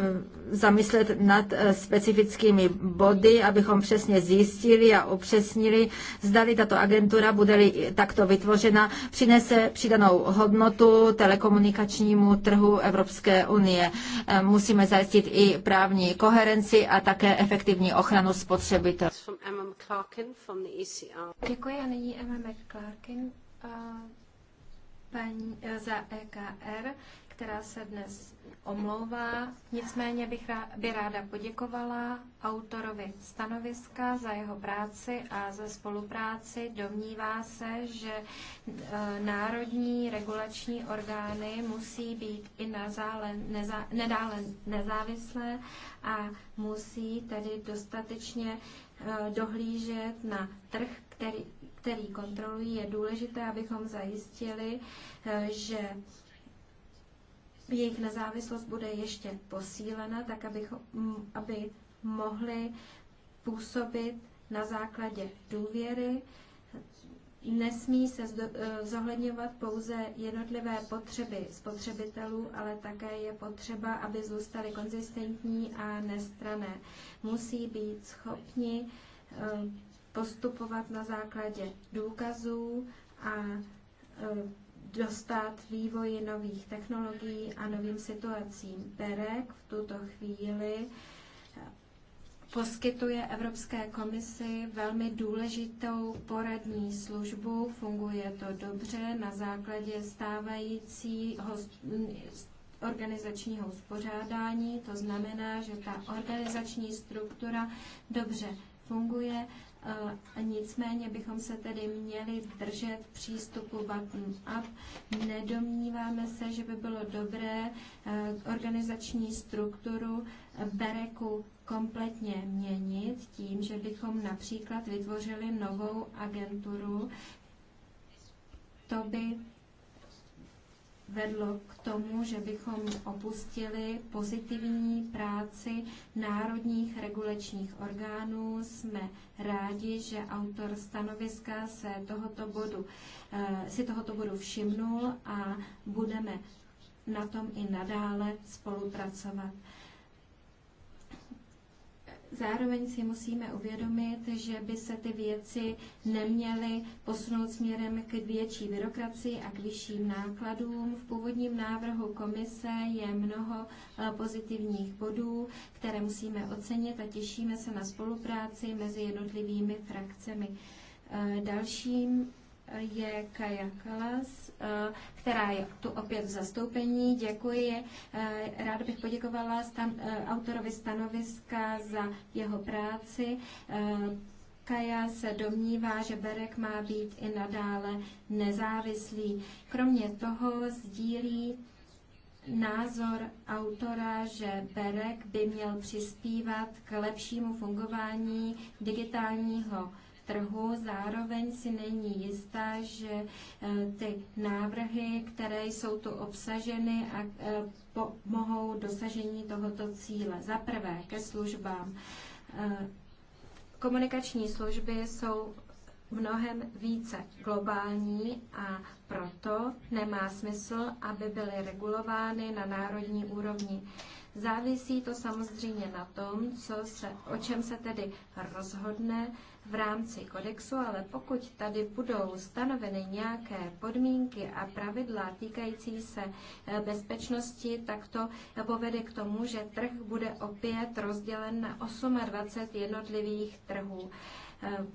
zamyslet nad eh, specifickými body, abychom přesně zjistili a upřesnili, zdali tato agentura bude-li takto vytvořena, přinese přidanou hodnotu telekomunikačnímu trhu Evropské unie. Eh, musíme zajistit i právní koherenci a také efektivní ochranu spotřebitelů. E Děkuji a nyní Emma McClarkin eh, paní, eh, za EKR, která se dnes omlouvá. Nicméně bych rá, by ráda poděkovala autorovi stanoviska za jeho práci a za spolupráci. Domnívá se, že eh, národní regulační orgány musí být i nazále, neza, nedále nezávislé a musí tedy dostatečně Eh, dohlížet na trh, který, který kontrolují. Je důležité, abychom zajistili, eh, že jejich nezávislost bude ještě posílena, tak abychom, mm, aby mohli působit na základě důvěry, Nesmí se eh, zohledňovat pouze jednotlivé potřeby spotřebitelů, ale také je potřeba, aby zůstaly konzistentní a nestrané. Musí být schopni eh, postupovat na základě důkazů a eh, dostat vývoji nových technologií a novým situacím. Perek v tuto chvíli poskytuje Evropské komisi velmi důležitou poradní službu. Funguje to dobře na základě stávajícího organizačního uspořádání. To znamená, že ta organizační struktura dobře funguje. E, nicméně bychom se tedy měli držet přístupu button up. Nedomníváme se, že by bylo dobré e, organizační strukturu Bereku kompletně měnit tím, že bychom například vytvořili novou agenturu. To by vedlo k tomu, že bychom opustili pozitivní práci národních regulačních orgánů. Jsme rádi, že autor stanoviska se tohoto bodu, eh, si tohoto bodu všimnul a budeme na tom i nadále spolupracovat. Zároveň si musíme uvědomit, že by se ty věci neměly posunout směrem k větší byrokracii a k vyšším nákladům. V původním návrhu komise je mnoho eh, pozitivních bodů, které musíme ocenit a těšíme se na spolupráci mezi jednotlivými frakcemi. Eh, dalším je Kaja Kalas, eh, která je tu opět v zastoupení. Děkuji. Eh, ráda bych poděkovala stan- eh, autorovi stanoviska za jeho práci. Kaja se domnívá, že Berek má být i nadále nezávislý. Kromě toho sdílí názor autora, že Berek by měl přispívat k lepšímu fungování digitálního trhu. Zároveň si není jistá, že eh, ty návrhy, které jsou tu obsaženy a eh, mohou dosažení tohoto cíle. Za prvé ke službám. Eh, komunikační služby jsou mnohem více globální a proto nemá smysl, aby byly regulovány na národní úrovni. Závisí to samozřejmě na tom, co se, o čem se tedy rozhodne v rámci kodexu, ale pokud tady budou stanoveny nějaké podmínky a pravidla týkající se eh, bezpečnosti, tak to eh, povede k tomu, že trh bude opět rozdělen na 28 jednotlivých trhů. Eh,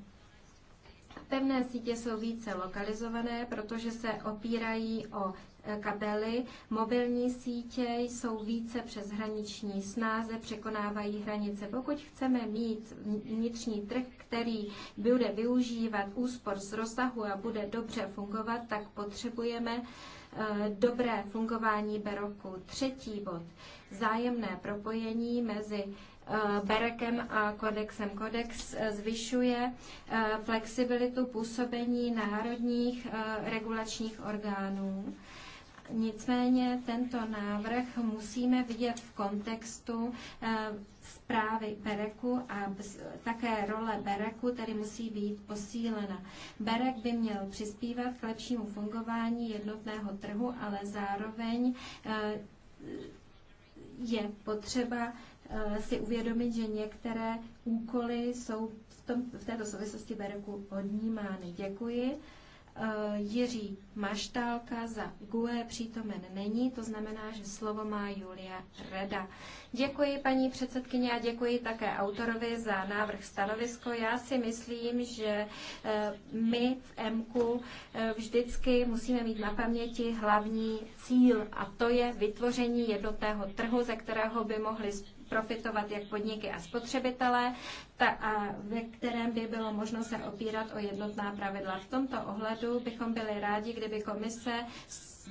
pevné sítě jsou více lokalizované, protože se opírají o kabely. Mobilní sítě jsou více přeshraniční, snáze překonávají hranice. Pokud chceme mít vnitřní trh, který bude využívat úspor z rozsahu a bude dobře fungovat, tak potřebujeme eh, dobré fungování Beroku. Třetí bod. Zájemné propojení mezi eh, Berekem a kodexem. Kodex eh, zvyšuje flexibilitu působení národních regulačních orgánů Nicméně tento návrh musíme vidět v kontextu eh, zprávy Bereku a také role Bereku tady musí být posílena. Berek by měl přispívat k lepšímu fungování jednotného trhu, ale zároveň eh, je potřeba eh, si uvědomit, že některé úkoly jsou v, tom, v této souvislosti Bereku odnímány. Děkuji. Eh, Jiří Maštálka za GUE přítomen není, to znamená, že slovo má Julia Reda. Děkuji paní předsedkyně a děkuji také autorovi za návrh stanovisko. Já si myslím, že eh, my v MKU eh, vždycky musíme mít na paměti hlavní cíl a to je vytvoření jednotného trhu, ze kterého by mohli profitovat jak podniky a spotřebitelé, ta, a ve kterém by bylo možno se opírat o jednotná pravidla. V tomto ohledu bychom byli rádi, kdyby komise s,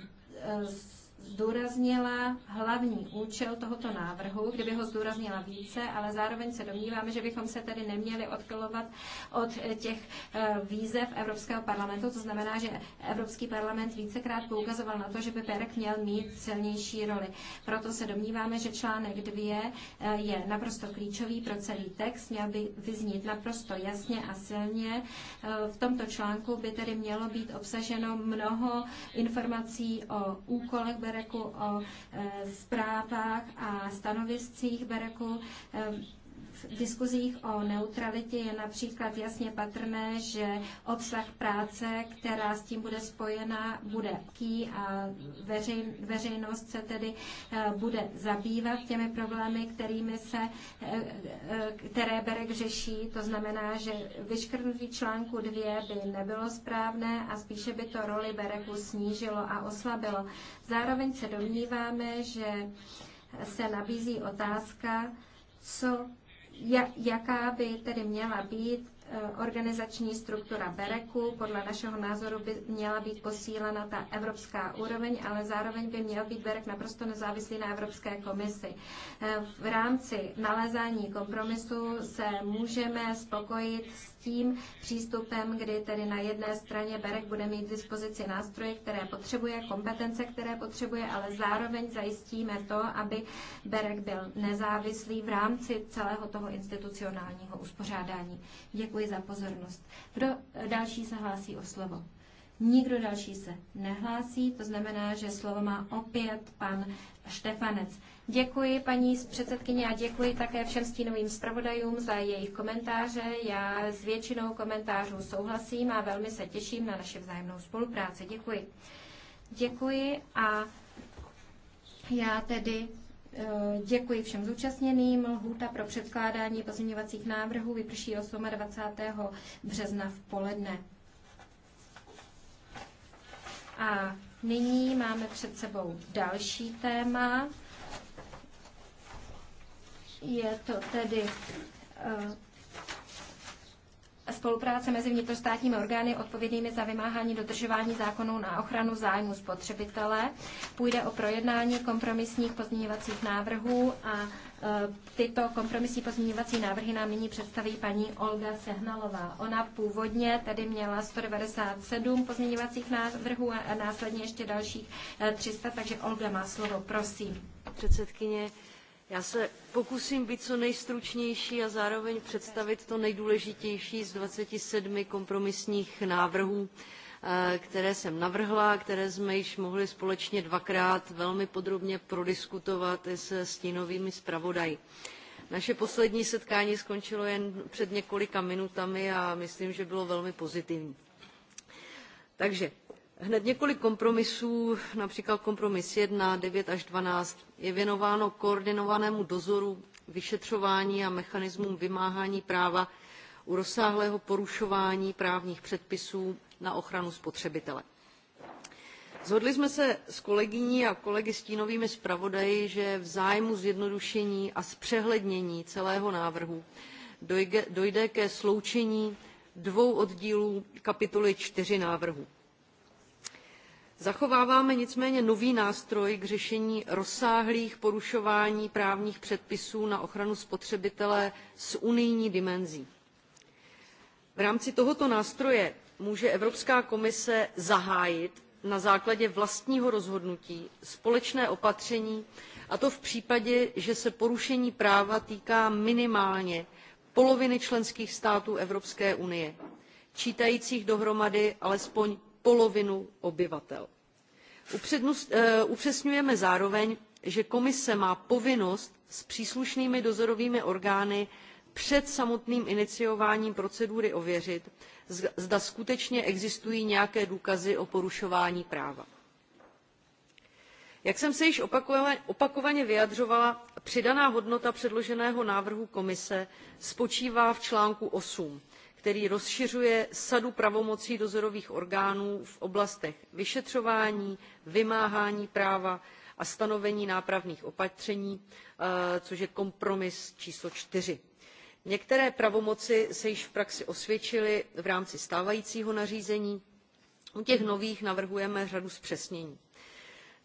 s, zdůraznila hlavní účel tohoto návrhu, kdyby ho zdůraznila více, ale zároveň se domníváme, že bychom se tedy neměli odkylovat od těch eh, výzev Evropského parlamentu. To znamená, že Evropský parlament vícekrát poukazoval na to, že by PERK měl mít silnější roli. Proto se domníváme, že článek 2 eh, je naprosto klíčový pro celý text, měl by vyznít naprosto jasně a silně. Eh, v tomto článku by tedy mělo být obsaženo mnoho informací o úkolech Bereku o e, zprávách a stanoviscích Bereku. E, diskuzích o neutralitě je například jasně patrné, že obsah práce, která s tím bude spojena, bude ký a veřej, veřejnost se tedy eh, bude zabývat těmi problémy, kterými se, eh, eh, které Berek řeší. To znamená, že vyškrtnutí článku 2 by nebylo správné a spíše by to roli Bereku snížilo a oslabilo. Zároveň se domníváme, že se nabízí otázka, co jaká by tedy měla být e, organizační struktura Bereku. Podle našeho názoru by měla být posílena ta evropská úroveň, ale zároveň by měl být Berek naprosto nezávislý na Evropské komisi. E, v rámci nalezání kompromisu se můžeme spokojit s tím přístupem, kdy tedy na jedné straně Berek bude mít k dispozici nástroje, které potřebuje, kompetence, které potřebuje, ale zároveň zajistíme to, aby Berek byl nezávislý v rámci celého toho institucionálního uspořádání. Děkuji za pozornost. Kdo další se hlásí o slovo? Nikdo další se nehlásí, to znamená, že slovo má opět pan Štefanec. Děkuji paní předsedkyně a děkuji také všem stínovým zpravodajům za jejich komentáře. Já s většinou komentářů souhlasím a velmi se těším na naše vzájemnou spolupráci. Děkuji. Děkuji a já tedy eh, Děkuji všem zúčastněným. Lhůta pro předkládání pozměňovacích návrhů vyprší 28. března v poledne. A nyní máme před sebou další téma. Je to tedy eh, spolupráce mezi vnitrostátními orgány odpovědnými za vymáhání dodržování zákonů na ochranu zájmu spotřebitele. Půjde o projednání kompromisních pozměňovacích návrhů a eh, tyto kompromisní pozměňovací návrhy nám nyní představí paní Olga Sehnalová. Ona původně tedy měla 197 pozměňovacích návrhů a následně ještě dalších 300, eh, takže Olga má slovo, prosím. Předsedkyně, já se pokusím být co nejstručnější a zároveň představit to nejdůležitější z 27 kompromisních návrhů, eh, které jsem navrhla, které jsme již mohli společně dvakrát velmi podrobně prodiskutovat i se stínovými zpravodaji. Naše poslední setkání skončilo jen před několika minutami a myslím, že bylo velmi pozitivní. Takže Hned několik kompromisů, například kompromis 1, 9 až 12, je věnováno koordinovanému dozoru, vyšetřování a mechanismům vymáhání práva u rozsáhlého porušování právních předpisů na ochranu spotřebitele. Zhodli jsme se s kolegyní a kolegy stínovými zpravodaji, že v zájmu zjednodušení a zpřehlednění celého návrhu dojde, ke sloučení dvou oddílů kapitoly 4 návrhu Zachováváme nicméně nový nástroj k řešení rozsáhlých porušování právních předpisů na ochranu spotřebitele s unijní dimenzí. V rámci tohoto nástroje může Evropská komise zahájit na základě vlastního rozhodnutí společné opatření, a to v případě, že se porušení práva týká minimálně poloviny členských států Evropské unie, čítajících dohromady alespoň polovinu obyvatel. Eh, upřesňujeme zároveň, že komise má povinnost s příslušnými dozorovými orgány před samotným iniciováním procedury ověřit, zda skutečně existují nějaké důkazy o porušování práva. Jak jsem se již opakovaně vyjadřovala, přidaná hodnota předloženého návrhu komise spočívá v článku 8, který rozšiřuje sadu pravomocí dozorových orgánů v oblastech vyšetřování vymáhání práva a stanovení nápravných opatření eh, což je kompromis číslo four některé pravomoci se již v praxi osvědčily v rámci stávajícího nařízení u těch nových navrhujeme řadu zpřesnění.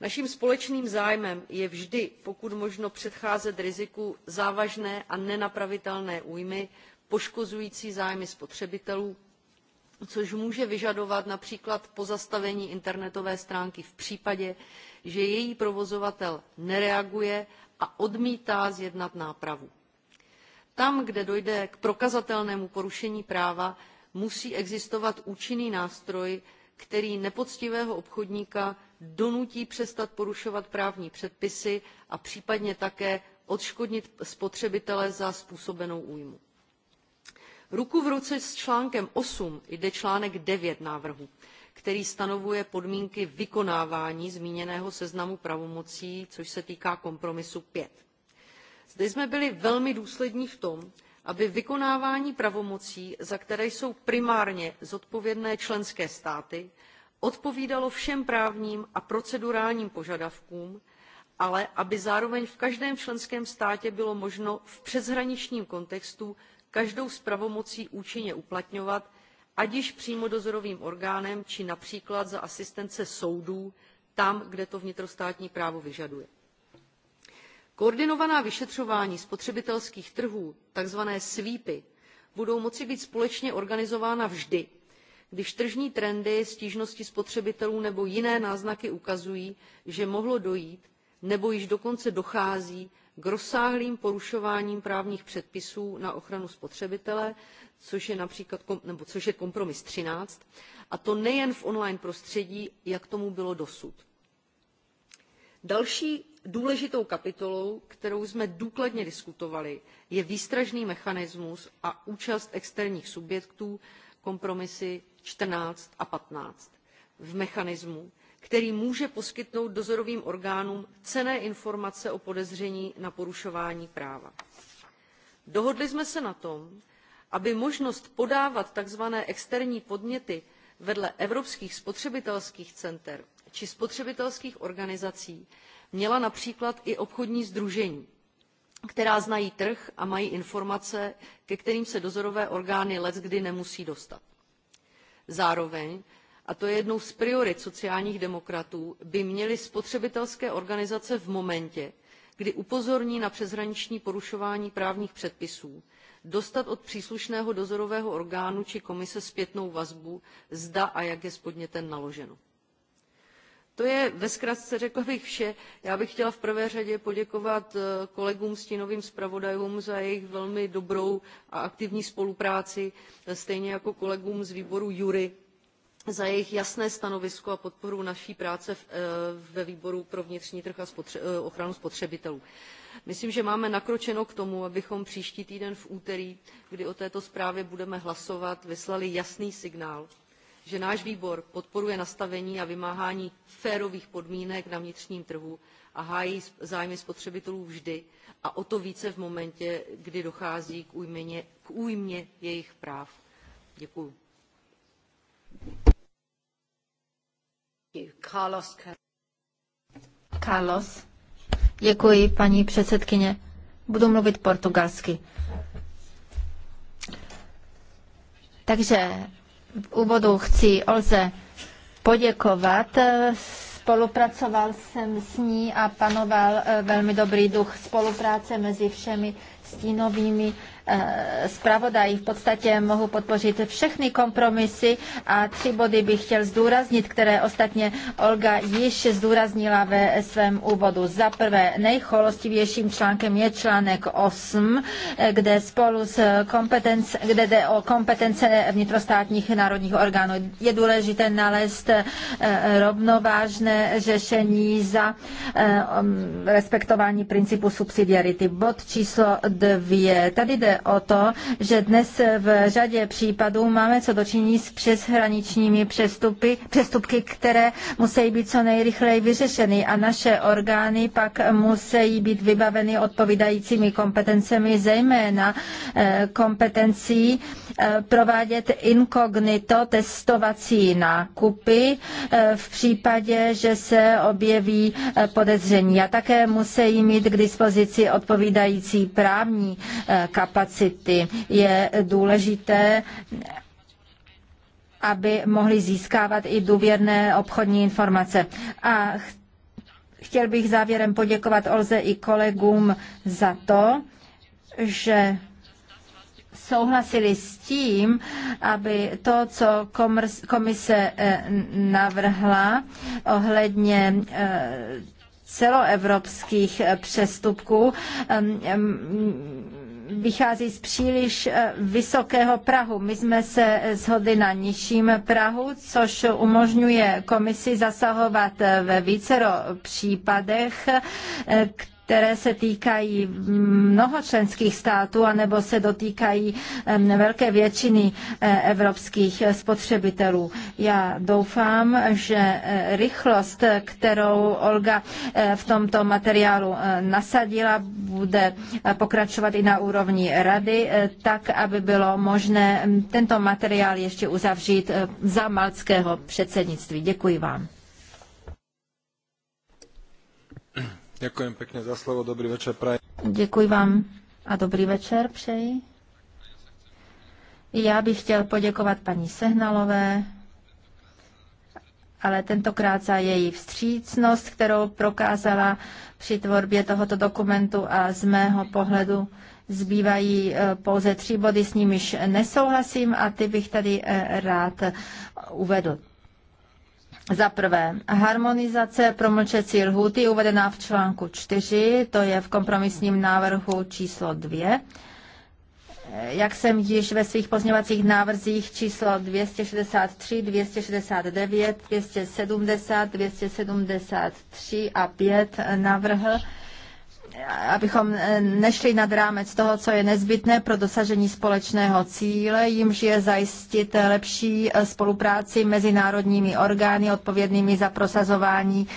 naším společným zájmem je vždy pokud možno předcházet riziku závažné a nenapravitelné újmy poškozující zájmy spotřebitelů, což může vyžadovat například pozastavení internetové stránky v případě, že její provozovatel nereaguje a odmítá zjednat nápravu. Tam, kde dojde k prokazatelnému porušení práva, musí existovat účinný nástroj, který nepoctivého obchodníka donutí přestat porušovat právní předpisy a případně také odškodnit spotřebitele za způsobenou újmu. Ruku v ruce s článkem 8 jde článek 9 návrhu, který stanovuje podmínky vykonávání zmíněného seznamu pravomocí, což se týká kompromisu 5. Zde jsme byli velmi důslední v tom, aby vykonávání pravomocí, za které jsou primárně zodpovědné členské státy, odpovídalo všem právním a procedurálním požadavkům, ale aby zároveň v každém členském státě bylo možno v přeshraničním kontextu každou z pravomocí účinně uplatňovat, ať již přímo dozorovým orgánem, či například za asistence soudů, tam, kde to vnitrostátní právo vyžaduje. Koordinovaná vyšetřování spotřebitelských trhů, takzvané svípy, budou moci být společně organizována vždy, když tržní trendy, stížnosti spotřebitelů nebo jiné náznaky ukazují, že mohlo dojít nebo již dokonce dochází k rozsáhlým porušováním právních předpisů na ochranu spotřebitele, což je, například, nebo což je kompromis 13, a to nejen v online prostředí, jak tomu bylo dosud. Další důležitou kapitolou, kterou jsme důkladně diskutovali, je výstražný mechanismus a účast externích subjektů, kompromisy 14 a 15 v mechanismu, který může poskytnout dozorovým orgánům cenné informace o podezření na porušování práva. Dohodli jsme se na tom, aby možnost podávat tzv. externí podněty vedle evropských spotřebitelských center či spotřebitelských organizací měla například i obchodní sdružení, která znají trh a mají informace, ke kterým se dozorové orgány leckdy nemusí dostat. Zároveň a to je jednou z priorit sociálních demokratů, by měly spotřebitelské organizace v momentě, kdy upozorní na přeshraniční porušování právních předpisů, dostat od příslušného dozorového orgánu či komise zpětnou vazbu, zda a jak je s podnětem naloženo. To je ve zkratce řekla bych vše. Já bych chtěla v prvé řadě poděkovat eh, kolegům stínovým zpravodajům za jejich velmi dobrou a aktivní spolupráci, eh, stejně jako kolegům z výboru Jury, za jejich jasné stanovisko a podporu naší práce eh, ve výboru pro vnitřní trh a eh, ochranu spotřebitelů. Myslím, že máme nakročeno k tomu, abychom příští týden v úterý, kdy o této zprávě budeme hlasovat, vyslali jasný signál, že náš výbor podporuje nastavení a vymáhání férových podmínek na vnitřním trhu a hájí zájmy spotřebitelů vždy a o to více v momentě, kdy dochází k újmě, k újmě jejich práv. Děkuji. Carlos. Carlos. Děkuji, paní předsedkyně. Budu mluvit portugalsky. Takže v úvodu chci Olze poděkovat. Spolupracoval jsem s ní a panoval eh, velmi dobrý duch spolupráce mezi všemi stínovými Eh, zpravodaji. V podstatě mohu podpořit všechny kompromisy a tři body bych chtěl zdůraznit, které ostatně Olga již zdůraznila ve svém úvodu. Za prvé, nejcholostivějším článkem je článek 8, eh, kde spolu s kompetence, kde jde o kompetence vnitrostátních národních orgánů. Je důležité nalézt eh, rovnovážné řešení za um, respektování principu subsidiarity. Bod číslo dvě. Tady jde o to, že dnes v řadě případů máme co dočiní s přeshraničními přestupy, přestupky, které musí být co nejrychleji vyřešeny a naše orgány pak musí být vybaveny odpovídajícími kompetencemi, zejména eh, kompetencí eh, provádět inkognito testovací nákupy eh, v případě, že se objeví podezření. A také musí mít k dispozici odpovídající právní kapacity kapacity. Je důležité aby mohli získávat i důvěrné obchodní informace. A chtěl bych závěrem poděkovat Olze i kolegům za to, že souhlasili s tím, aby to, co komise eh, navrhla ohledně eh, celoevropských eh, přestupků vychází z příliš eh, vysokého Prahu. My jsme se shodli na nižším Prahu, což umožňuje komisi zasahovat eh, ve vícero případech, které které se týkají mnoho členských států anebo se dotýkají velké většiny eh, evropských spotřebitelů. Já doufám, že eh, rychlost, kterou Olga eh, v tomto materiálu nasadila, bude pokračovat i na úrovni rady, tak, aby bylo možné tento materiál ještě uzavřít za malckého předsednictví. Děkuji vám. Děkuji pěkně za slovo, dobrý večer praji. Děkuji vám a dobrý večer přeji. Já bych chtěl poděkovat paní Sehnalové, ale tentokrát za její vstřícnost, kterou prokázala při tvorbě tohoto dokumentu a z mého pohledu zbývají eh, pouze tři body, s nimiž nesouhlasím a ty bych tady eh, rád uvedl. Za prvé, harmonizace promlčecí lhuty uvedená v článku 4, to je v kompromisním návrhu číslo 2. Jak jsem již ve svých pozněvacích návrzích číslo 263, 269, 270, 273 a 5 navrhl, abychom eh, nešli nad rámec toho, co je nezbytné pro dosažení společného cíle, jimž je zajistit lepší eh, spolupráci mezi národními orgány odpovědnými za prosazování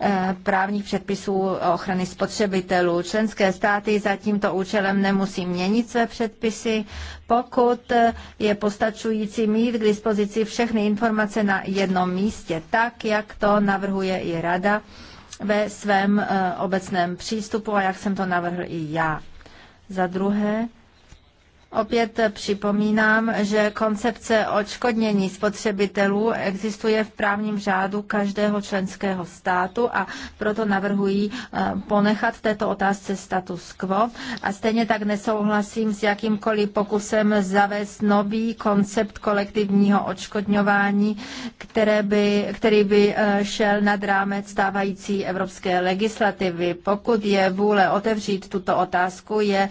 eh, právních předpisů ochrany spotřebitelů. Členské státy za tímto účelem nemusí měnit své předpisy, pokud je postačující mít k dispozici všechny informace na jednom místě, tak jak to navrhuje i Rada ve svém eh, obecném přístupu a jak jsem to navrhl i já. Za druhé, Opět připomínám, že koncepce odškodnění spotřebitelů existuje v právním řádu každého členského státu a proto navrhuji eh, ponechat této otázce status quo. A stejně tak nesouhlasím s jakýmkoliv pokusem zavést nový koncept kolektivního odškodňování, které by, který by eh, šel nad rámec stávající evropské legislativy. Pokud je vůle otevřít tuto otázku, je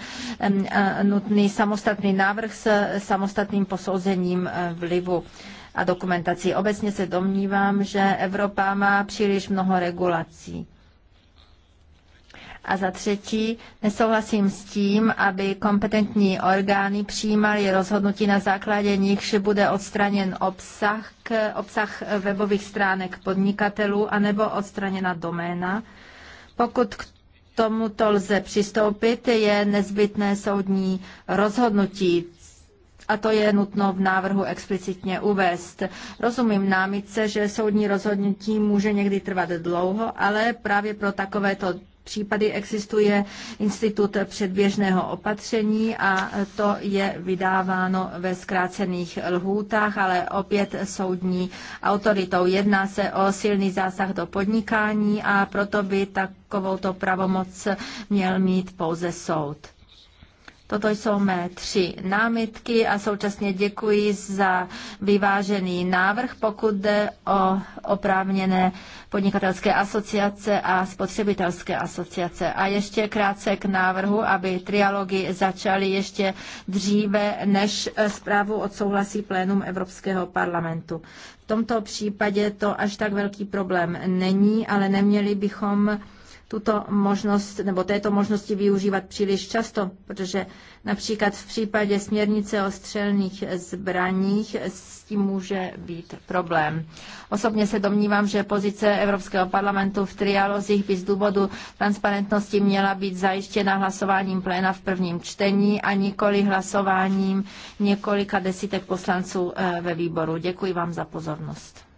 mm, eh, nutný samostatný samostatný návrh s samostatným posouzením eh, vlivu a dokumentací. Obecně se domnívám, že Evropa má příliš mnoho regulací. A za třetí, nesouhlasím s tím, aby kompetentní orgány přijímaly rozhodnutí na základě nich, že bude odstraněn obsah, obsah webových stránek podnikatelů anebo odstraněna doména, pokud k tomuto lze přistoupit, je nezbytné soudní rozhodnutí a to je nutno v návrhu explicitně uvést. Rozumím námitce, že soudní rozhodnutí může někdy trvat dlouho, ale právě pro takovéto případy existuje institut předběžného opatření a to je vydáváno ve zkrácených lhůtách, ale opět soudní autoritou. Jedná se o silný zásah do podnikání a proto by takovouto pravomoc měl mít pouze soud. Toto jsou mé tři námitky a současně děkuji za vyvážený návrh, pokud jde o oprávněné podnikatelské asociace a spotřebitelské asociace. A ještě krátce k návrhu, aby trialogy začaly ještě dříve, než zprávu odsouhlasí plénum Evropského parlamentu. V tomto případě to až tak velký problém není, ale neměli bychom tuto možnost nebo této možnosti využívat příliš často, protože například v případě směrnice o střelných zbraních s tím může být problém. Osobně se domnívám, že pozice Evropského parlamentu v trialozích by z důvodu transparentnosti měla být zajištěna hlasováním pléna v prvním čtení a nikoli hlasováním několika desítek poslanců eh, ve výboru. Děkuji vám za pozornost.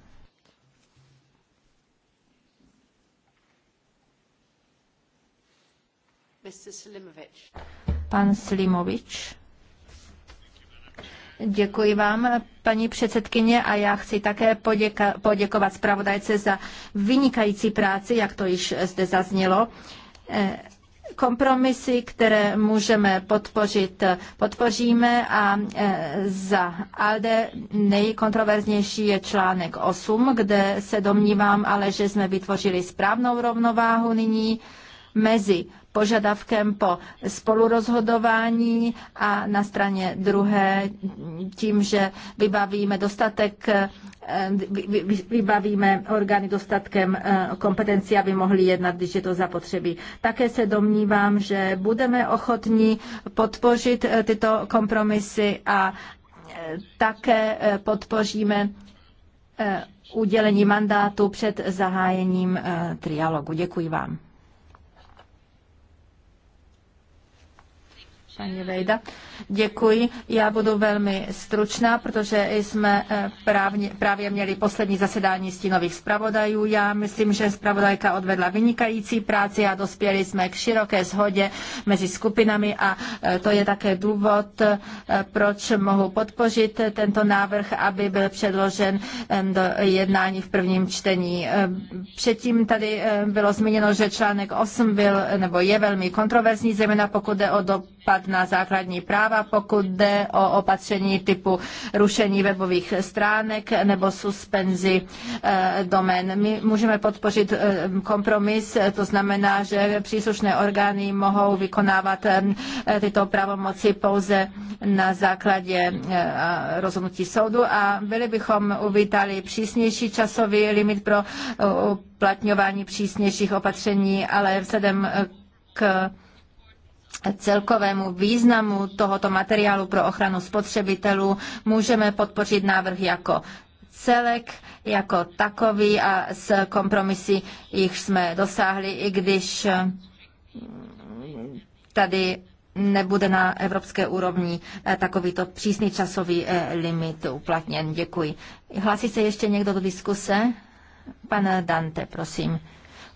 Pan Slimovič. Děkuji vám, paní předsedkyně, a já chci také poděka- poděkovat zpravodajce za vynikající práci, jak to již zde zaznělo eh, kompromisy, které můžeme podpořit, podpoříme a eh, za ALDE nejkontroverznější je článek 8, kde se domnívám ale, že jsme vytvořili správnou rovnováhu nyní mezi požadavkem po spolurozhodování a na straně druhé tím, že vybavíme dostatek eh, vybavíme orgány dostatkem eh, kompetencí, aby mohli jednat, když je to zapotřebí. Také se domnívám, že budeme ochotní podpořit eh, tyto kompromisy a také podpoříme udělení mandátu před zahájením trialogu. Děkuji vám. paní Vejda. Děkuji. Já budu velmi stručná, protože jsme eh, právě, právě měli poslední zasedání stínových zpravodajů. Já myslím, že zpravodajka odvedla vynikající práci a dospěli jsme k široké shodě mezi skupinami a eh, to je také důvod, eh, proč mohu podpořit tento návrh, aby byl předložen do jednání v prvním čtení. Předtím tady bylo zmíněno, že článek 8 byl nebo je velmi kontroverzní, zejména pokud jde o dopad dopad na základní práva, pokud jde o opatření typu rušení webových stránek nebo suspenzi eh, domén. My můžeme podpořit eh, kompromis, to znamená, že příslušné orgány mohou vykonávat eh, tyto pravomoci pouze na základě rozhodnutí soudu a byli bychom uvítali přísnější časový limit pro uplatňování přísnějších opatření, ale vzhledem k celkovému významu tohoto materiálu pro ochranu spotřebitelů můžeme podpořit návrh jako celek jako takový a s kompromisy jich jsme dosáhli, i když mm, tady nebude na evropské úrovni eh, takovýto přísný časový eh, limit uplatněn. Děkuji. Hlásí se ještě někdo do diskuse? Pan Dante, prosím.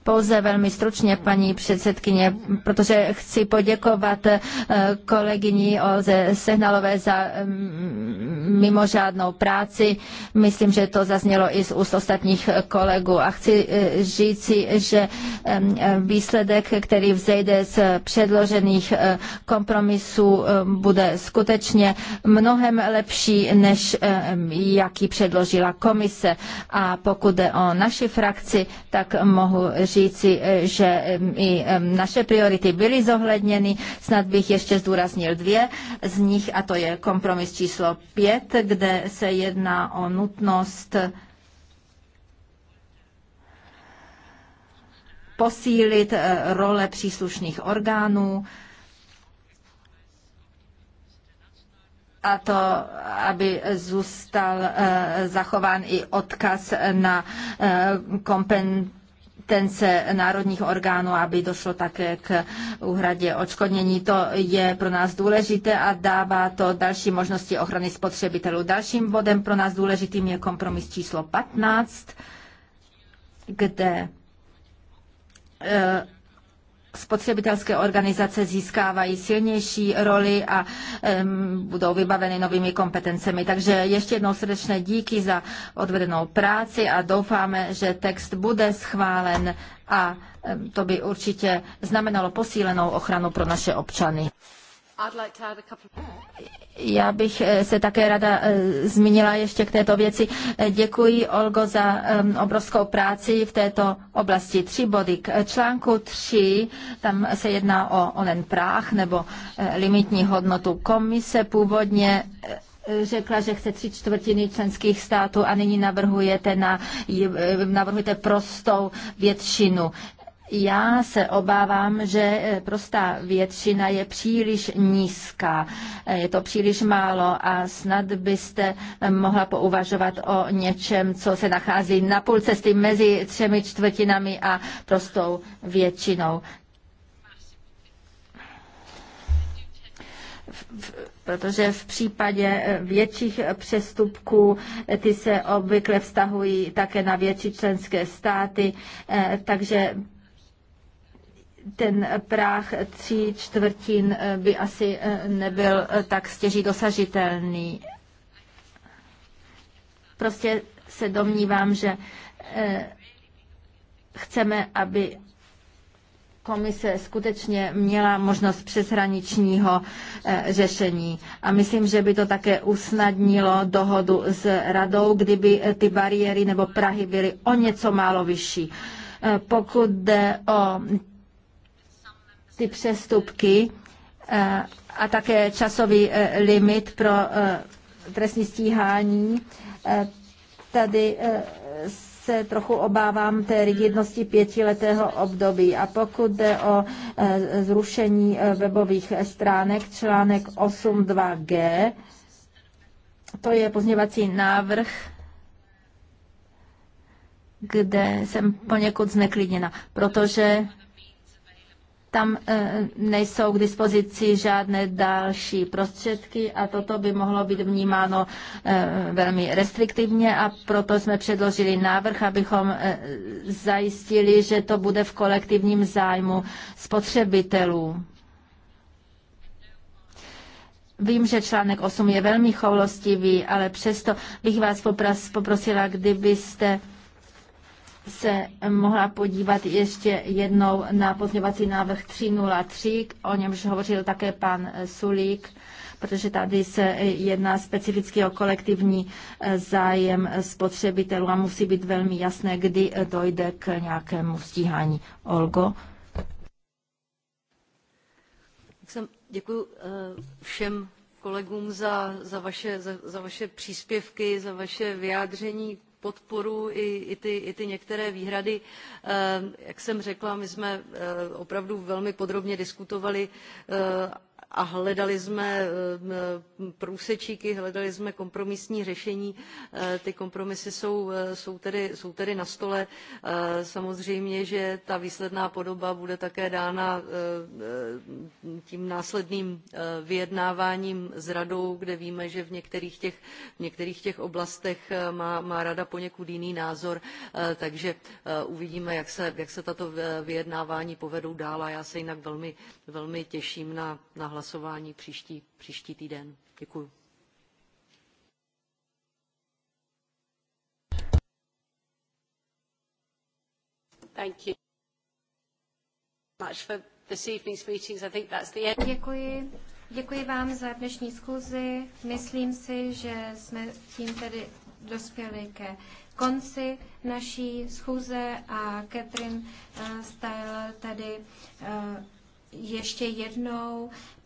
Pouze velmi stručně, paní předsedkyně, protože chci poděkovat eh, kolegyni Olze Sehnalové za mm, mimořádnou práci. Myslím, že to zaznělo i z úst ostatních kolegů. A chci eh, říci, že výsledek, který vzejde z předložených eh, kompromisů, bude skutečně mnohem lepší, než jaký předložila komise. A pokud jde o naši frakci, tak mohu říct, říci, eh, že eh, i eh, naše priority byly zohledněny. Snad bych ještě zdůraznil dvě z nich, a to je kompromis číslo pět, kde se jedná o nutnost posílit role příslušných orgánů, a to, aby zůstal zachován i odkaz na kompen, kompetence národních orgánů, aby došlo také k úhradě očkodnění. To je pro nás důležité a dává to další možnosti ochrany spotřebitelů. Dalším bodem pro nás důležitým je kompromis číslo 15, kde eh, spotřebitelské organizace získávají silnější roli a budou vybaveny novými kompetencemi. Takže ještě jednou srdečné díky za odvedenou práci a doufáme, že text bude schválen a to by určitě znamenalo posílenou ochranu pro naše občany. Já bych eh, se také rada eh, zmínila ještě k této věci. Eh, děkuji, Olgo, za obrovskou práci v této oblasti. Tři body. K článku 3, tam se jedná o onen práh nebo limitní hodnotu komise. Původně řekla, že chce tři čtvrtiny členských států a nyní navrhujete, na, navrhujete prostou většinu. Já se obávám, že eh, prostá většina je příliš nízká, eh, je to příliš málo a snad byste eh, mohla pouvažovat o něčem, co se nachází na půl cesty mezi třemi čtvrtinami a prostou většinou. protože v případě větších přestupků ty se obvykle vztahují také na větší členské státy, takže ten práh tří čtvrtin eh, by asi eh, nebyl eh, tak stěží dosažitelný. Prostě se domnívám, že chceme, aby komise skutečně měla možnost přeshraničního řešení. A myslím, že by to také usnadnilo dohodu s radou, kdyby ty bariéry nebo Prahy byly o něco málo vyšší. Pokud jde o ty přestupky eh, a také časový eh, limit pro eh, trestní stíhání. Tady se trochu obávám té rigidnosti pětiletého období. A pokud jde o zrušení webových stránek, článek 8.2g, to je pozněvací návrh, kde jsem poněkud zneklidněna, protože tam eh, nejsou k dispozici žádné další prostředky a toto by mohlo být vnímáno eh, velmi restriktivně a proto jsme předložili návrh, abychom eh, zajistili, že to bude v kolektivním zájmu spotřebitelů. Vím, že článek 8 je velmi choulostivý, ale přesto bych vás poprosila, kdybyste se mohla podívat ještě jednou na pozměňovací návrh 303, o němž hovořil také pan Sulík, protože tady se jedná specificky o kolektivní eh, zájem spotřebitelů a musí být velmi jasné, kdy eh, dojde k nějakému stíhání. Olgo? Děkuji eh, všem kolegům za, za, vaše, za, za vaše příspěvky, za vaše vyjádření podporu i, i, ty, i ty některé výhrady. Eh, jak jsem řekla, my jsme eh, opravdu velmi podrobně diskutovali eh, a hledali jsme eh, průsečíky, hledali jsme kompromisní řešení. Eh, ty kompromisy jsou, eh, jsou, tedy, jsou tedy na stole. Samozřejmě, že ta výsledná podoba bude také dána tím následným vyjednáváním s radou, kde víme, že v některých těch, v některých těch oblastech má, má rada poněkud jiný názor, takže uvidíme, jak se, jak se tato vyjednávání povedou dál a já se jinak velmi, velmi těším na, na hlasování příští, příští týden. Děkuji. Děkuji. Děkuji vám za dnešní schůzi. Myslím si, že jsme tím tedy dospěli ke konci naší schůze a Catherine eh, Styler tady eh, ještě jednou